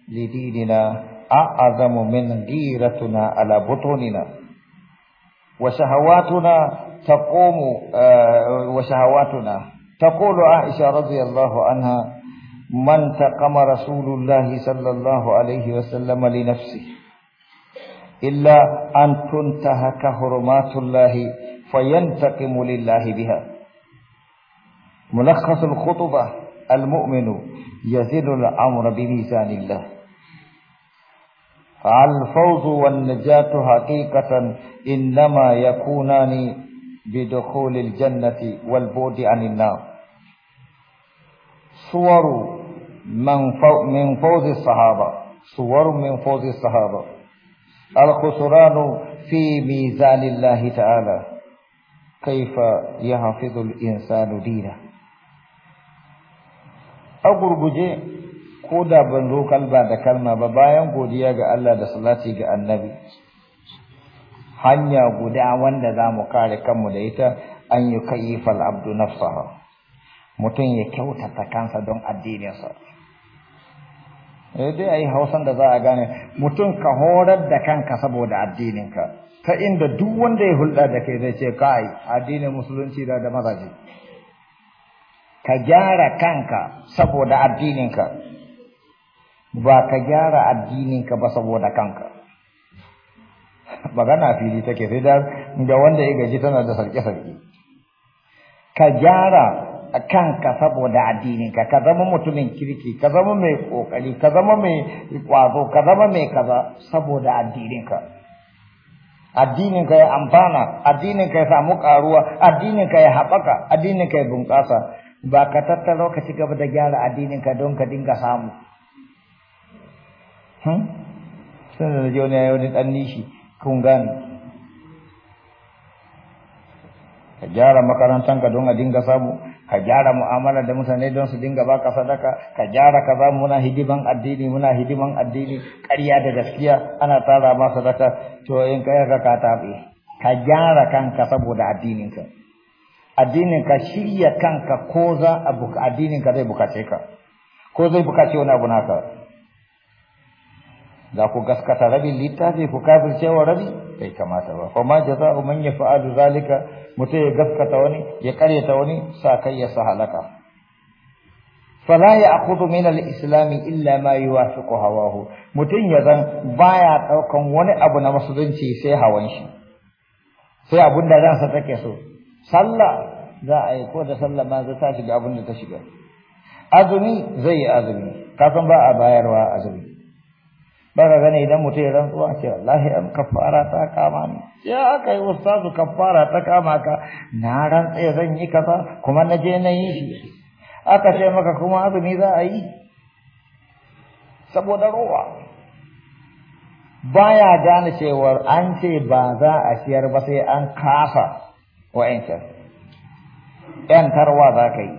لديننا أعظم من غيرتنا على بطوننا وشهواتنا تقوم آه، وشهواتنا تقول عائشة رضي الله عنها من تقم رسول الله صلى الله عليه وسلم لنفسه إلا أن تنتهك حرمات الله فينتقم لله بها ملخص الخطبة المؤمن يزن الأمر بميزان الله الفوز والنجاة حقيقة إنما يكونان بدخول الجنة والبعد عن النار صور من من فوز الصحابة صور من فوز الصحابة الخسران في ميزان الله تعالى kaifa yahfizul insanu dina Agurguje ko da ban zo kalba da kalma ba bayan godiya ga Allah da salati ga annabi hanya guda wanda za mu kare kanmu da ita an yi kayyifal abdu nafsaha mutum ya kyautata kansa don addininsa dai a yi hausan da za a gane mutum ka horar da kanka saboda addininka ta inda duk wanda ya hulɗa da kai zai ce kai addinin musulunci da da mazaje ka gyara kanka saboda addininka ba ka gyara addininka ba saboda kanka magana fili take sai da da wanda ya gaji tana da sarki-sarki. ka gyara kanka saboda addininka ka zama mutumin kirki ka zama mai kokari ka zama mai kwazo ka zama mai kaza saboda addininka addinin ka ya amfana addinin ka ya samu karuwa addinin ka ya haɓaka addinin ka ya bunƙasa ba ka tattaro ka ci gaba da gyara addinin ka don ka dinga samu hmm? sun da je wani wani ɗan nishi kun gane ka gyara makarantanka don a dinga samu ka gyara mu'amala da mutane don su dinga baka sadaka ka gyara kaza muna hidiman addini muna hidiman addini ƙarya da gaskiya ana tara ma sadaka to in ka yarda ka tabi ka gyara kanka saboda addininka ka shirya kanka ko za a buka ka zai bukace ka ko zai bukace wani abu naka za ku gaskata rabin littafi ku cewa rabi bai kamata ba kuma jaza'u man yaf'alu zalika mutai ya gaskata wani ya ta wani sa kai ya sa halaka fala ya'khudhu min al-islam illa ma yuwafiqu hawahu mutum ya zan baya daukan wani abu na musulunci sai hawan shi sai abunda zan sa take so sallah za a yi ko da sallah ma za ta shiga abunda ta shiga azumi zai yi azumi kafin ba a bayarwa azumi baka gane idan mutum ya rantsuwa ce wallahi an kafara ta kama ni ya aka yi ustazu kafara ta kama ka na rantsa zan yi kaza kuma na je na yi shi aka ce maka kuma azumi za a yi saboda ruwa baya gane cewar an ce ba za a siyar ba sai an kafa wa'ancan 'yan tarwa za ka yi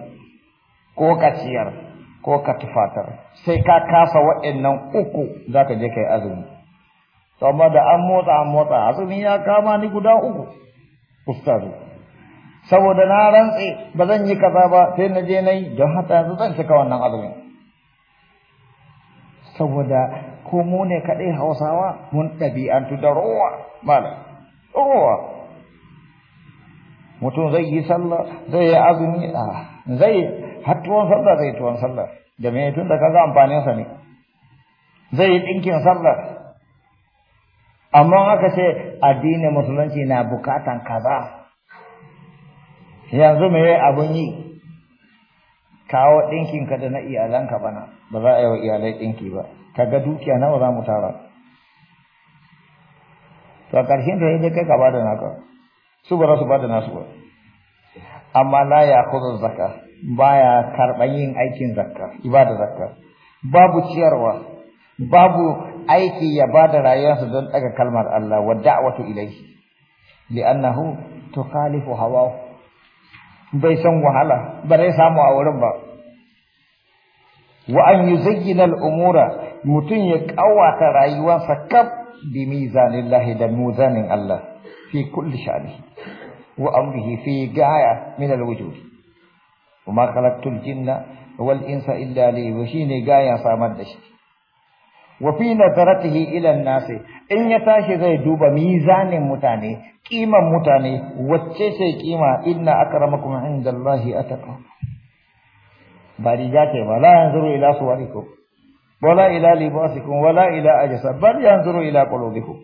ko ka ciyar ko ka tufatar sai ka kasa waɗannan uku zaka je kai azumi to da an motsa an motsa azumi ya kama ni guda uku ustazu saboda na rantse ba zan yi kaza ba sai na je nayi don haka yanzu zan cika wannan azumin saboda ko mu ne kaɗai hausawa mun ɗabi'antu da rowa malam rowa mutum zai yi sallah zai yi azumi zai har tuwon sallah zai tuwon sallah jami'ai tun da amfanin amfaninsa ne zai yi ɗinkin sallah amma aka ce addinin musulunci na bukatan kaza yanzu me yayi abun yi kawo ɗinkinka ka da na iyalanka bana ba za a yi wa iyalai ɗinki ba kaga dukiya nawa za mu tara to a ƙarshen da yadda kai ka bada naka su ba za su bada nasu ba amma la ya kudu zaka baya karɓar yin aikin zakka ibada zakka babu ciyarwa babu aiki ya ba da rayuwarsa don ɗaga kalmar Allah wa da'watu ilayhi li'annahu tukhalifu hawahu bai san wahala ba zai samu a wurin ba wa an yuzayyina al-umura mutum ya kawata rayuwarsa kaf bi mizanillahi da muzanin Allah fi kulli sha'ani. wa amrihi fi gaya min al-wujud kuma kalaktul jinna wal insa illa li gaya samar da shi wa fi nazaratihi ila an in ya tashi zai duba mizanin mutane ƙiman mutane wacce sai kima inna akramakum indallahi ataqwa ba ri ce ba la yanzuru ila suwarikum wala ila libasikum wala ila ajsab bal yanzuru ila qulubikum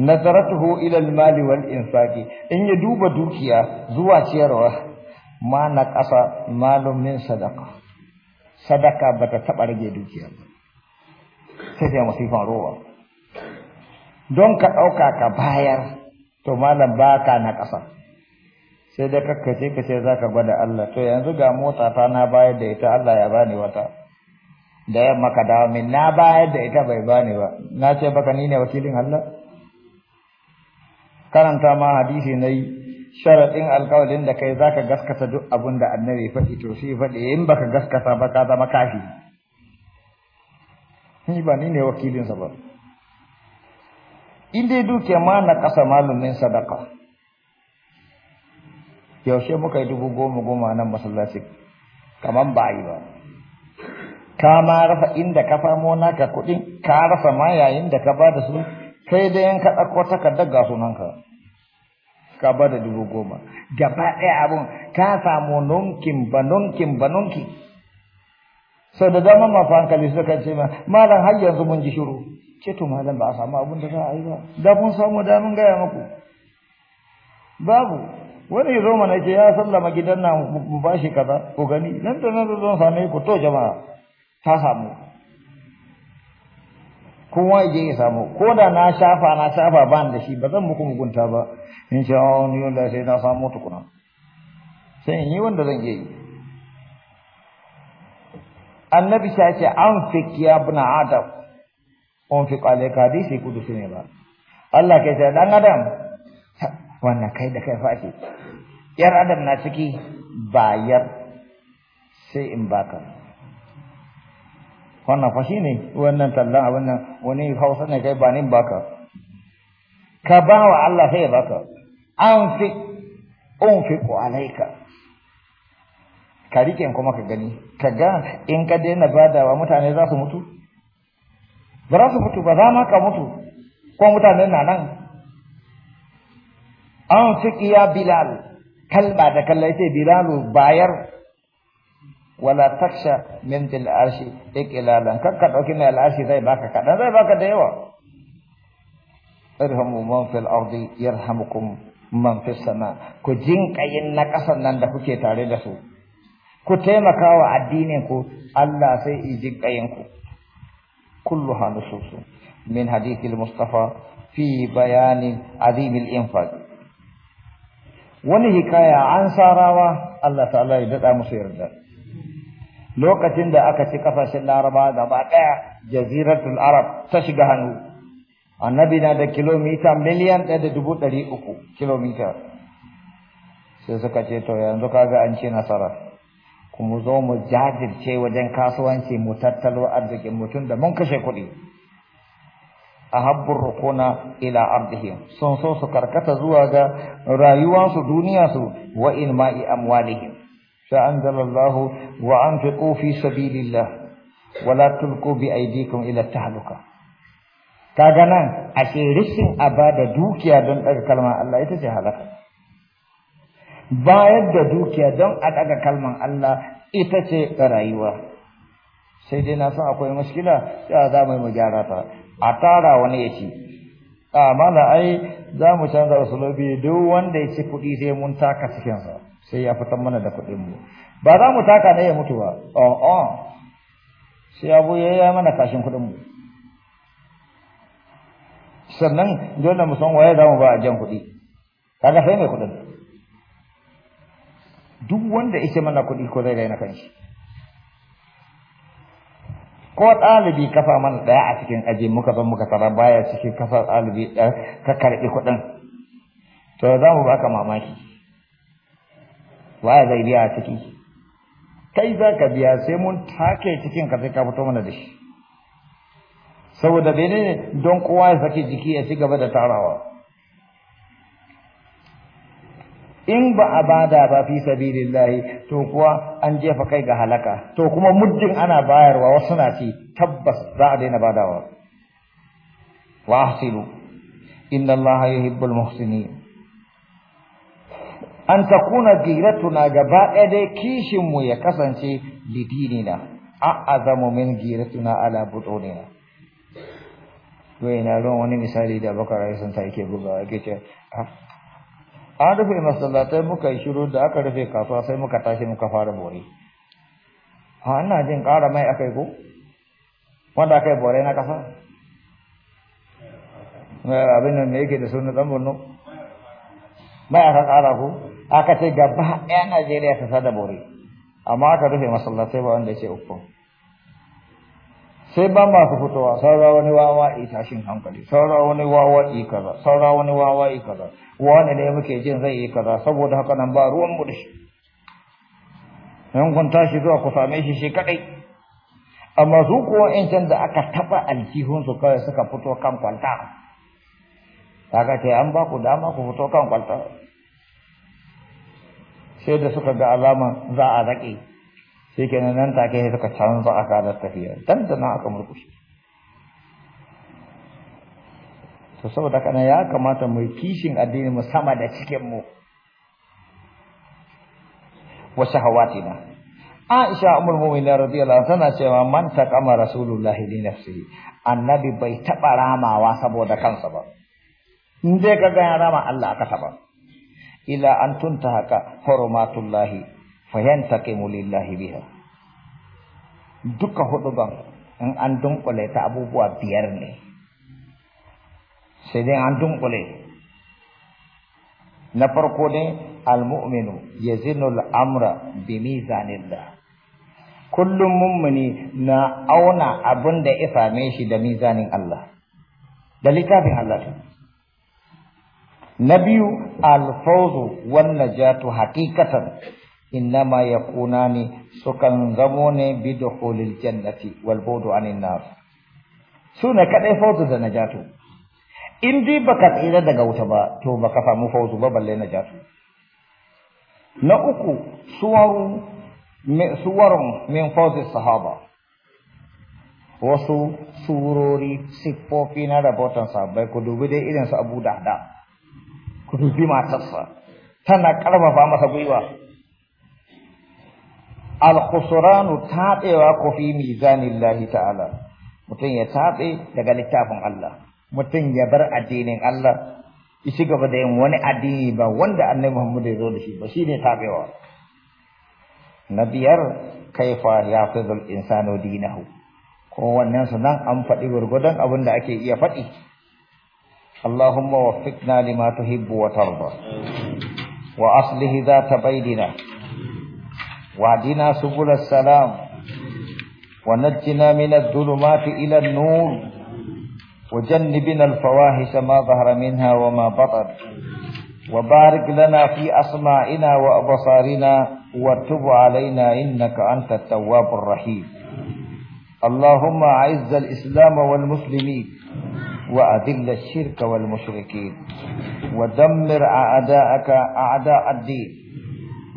nazaratuhu ila al wal infaqi in ya duba dukiya zuwa ciyarwa ma na kasa malum min sadaqa sadaka bata taba rage dukiya ba sai ya ruwa don ka dauka ka bayar to malam baka na kasa sai dai kakkace ka sai zaka gwada Allah to yanzu ga mota ta na bayar da ita Allah ya bani wata da yamma ka dawo min na bayar da ita bai bani ba na ce baka ni ne wakilin Allah karanta ma hadisi na yi sharaɗin alƙawarin da kai zaka gaskata duk abin da annabi faɗi to shi faɗi in baka gaskata ba ka zama kafi ni ba ni ne wakilinsa ba in dai duke ma na ƙasa malumin sadaka yaushe muka yi dubu goma goma nan masallaci kaman ba yi ba ka ma rafa inda ka famo naka kuɗin ka rafa ma yayin da ka ba da su sai dai in ka ɗauko takardar ga sunanka ka ba da dubu goma gaba ɗaya abun ka samu nunkin ba nunkin ba nunkin sau da dama mafi hankali suka ce ma malam har yanzu mun ji shiru ce to malam ba a samu abun da za a yi ba da kun samu da gaya maku babu wani ya zo mana ce ya sallama gidan na mu bashi kaza ko gani nan da nan zan same ku to jama'a ta samu kowa idan je ya samu ko da na shafa na shafa ban da shi ba zan muku mugunta ba in sha Allah oh, ni wanda sai na samu tukuna sai in yi wanda zan yi annabi sai ce an ya ibn adam on fi sai hadisi kudu ne ba Allah kai sai dan adam wannan kai da kai fashi yar adam na ciki bayar sai in baka wannan fa ne wannan talla wannan wani hausa ne kai ba ni baka ka ba wa Allah sai baka an fi ku alaika ka rike kuma ka gani ka ga in ka daina badawa mutane za su mutu ba za su mutu ba za ma ka mutu ko mutane na nan an fi iya bilal kalba da kallai sai bilalu bayar ولا تخشى من ذي العرش إقلالا كقد أكن العرش ذي باكا كان ذي باكا ديوا ارحموا من في الأرض يرحمكم من في السماء كو جين كاين نكاسا ناندكو كي تاريدسو كو تيما كاو عدينكو الله سي إجين كاينكو كلها نصوص من حديث المصطفى في بيان عظيم الإنفاق ولي كايا عن ساراوة الله تعالى يدعى مصير الدرس lokacin da aka ci kafashin laraba gaba ɗaya jaziratul arab ta shiga hannu annabi na da kilomita miliyan ɗaya da dubu ɗari kilomita sai suka ce to yanzu ka ga an ci nasara kuma zo mu jajirce wajen kasuwanci mu tattalo arzikin mutum da mun kashe kuɗi A habbun rukuna ila ardihim sun so su karkata zuwa ga rayuwarsu duniyarsu wa in ma'i amwalihim فأنزل الله وأنفقوا في سبيل الله ولا تلقوا بأيديكم إلى التهلكة kaga nan ashe a ba da dukiya don daga kalmar Allah ita ce halaka bayar da dukiya don a ɗaga kalmar Allah ita ce rayuwa sai dai na san akwai muskila sai za mu gyara ta a tara wani ya ci amma ai za mu canza wasu lobi duk wanda ya ci kuɗi sai mun taka cikinsa sai ya fitan mana da kuɗin mu ba za mu taka ne ya mutu ba oh sai abu ya mana kashin kuɗin mu sannan dole mu san waye za mu ba a jan kuɗi kaga sai mai kuɗin duk wanda yake mana kuɗi ko zai raina kanshi ko ɗalibi kafa mana ɗaya a cikin aji muka zan muka tara baya cikin kafa ɗalibi ɗaya ka karɓi kuɗin to za mu baka mamaki waya zai biya a ciki kai za ka biya sai mun take cikin ka sai ka fito mana da shi saboda bene ne don kowa ya sake jiki ya ci gaba da tarawa in ba a bada ba fi sabilillahi to kuwa an jefa kai ga halaka to kuma muddin ana bayarwa wasu na ci tabbas za a daina badawa wa ahsinu inna allaha yuhibbul muhsinin an ta takuna giratuna gaba ɗaya dai kishinmu ya kasance lidinina azamu min giratuna ala butunina to ina ruwan wani misali da bakar ayyukan ta yake guba a ce a ah, rufe masallatai muka yi shiru da aka rufe kasuwa sai muka tashi muka fara bore a ina jin ƙara mai aka yi ko wanda aka yi bore na kasa eh, abin nan da yake da sunan ɗan borno mai aka ƙara ko aka ce gaba ɗaya Najeriya ta sada bore amma aka rufe masallatai ba wanda ya ce uku sai ba masu fitowa saura wani wawa i tashin hankali saura wani wawa i kaza saura wani wawa i kaza wani ne muke jin zai yi kaza saboda haka nan ba ruwan mu da shi in kun tashi zuwa ku same shi shi kadai amma su kuwa in can da aka taba aljihun su kawai suka fito kan kwalta ga ce an ba ku dama ku fito kan kwalta sai da suka ga alama za a rake sai ke nan take suka canza a akalar tafiya dan da na aka murkushe to saboda kana ya kamata mu kishin addini mu sama da cikin mu wa shahawatina Aisha ummul mu'minin radiyallahu anha cewa man taqama rasulullahi li nafsihi annabi bai taba ramawa saboda kansa ba in dai kaga ya rama Allah aka taba ila an tuntahaka hurmatullahi fayantaqimu lillahi biha duka hudu ban in an dunkule ta abubuwa biyar ne sai dai an dunkule na farko ne almu'minu yazinu al'amra bi mizanillah kullum mummuni na auna abin da ya same shi da mizanin Allah da littafin Allah na biyu alfauzu wan najatu hakikatan innama ne sukan zamo ne bi dukhulil jannati wal budu anin Su ne kadai fauzu da najatu in dai baka tsira daga wuta ba to baka samu fauzu ba balle najatu na uku suwarun suwarun min fauzu sahaba wasu surori siffofi na rabotan sahabbai ku dubi dai irin su abu Hada. ku dubi matarsa tana karfafa masa gwiwa al-khusranu kofi fi mizanillahi ta'ala mutum ya taɓe daga littafin Allah mutum ya bar addinin Allah ya ci gaba da yin wani addini ba wanda annabi Muhammad ya zo da shi ba shine tabewa na biyar kaifa yafidul insanu dinahu ko wannan nan an faɗi gurgudan abin da ake iya faɗi اللهم وفقنا لما تحب وترضى وأصله ذات بيننا واهدنا سبل السلام ونجنا من الظلمات إلى النور وجنبنا الفواحش ما ظهر منها وما بطن وبارك لنا في أسماعنا وأبصارنا وتب علينا إنك أنت التواب الرحيم اللهم أعز الإسلام والمسلمين وأذل الشرك والمشركين ودمر أعداءك أعداء الدين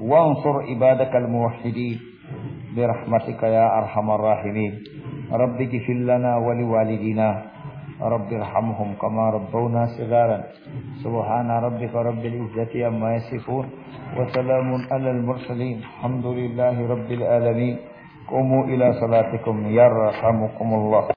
وانصر عبادك الموحدين برحمتك يا أرحم الراحمين رب اغفر لنا ولوالدينا رب ارحمهم كما ربونا صغارا سبحان ربك رب العزة عما يصفون وسلام على المرسلين الحمد لله رب العالمين قوموا إلى صلاتكم يرحمكم الله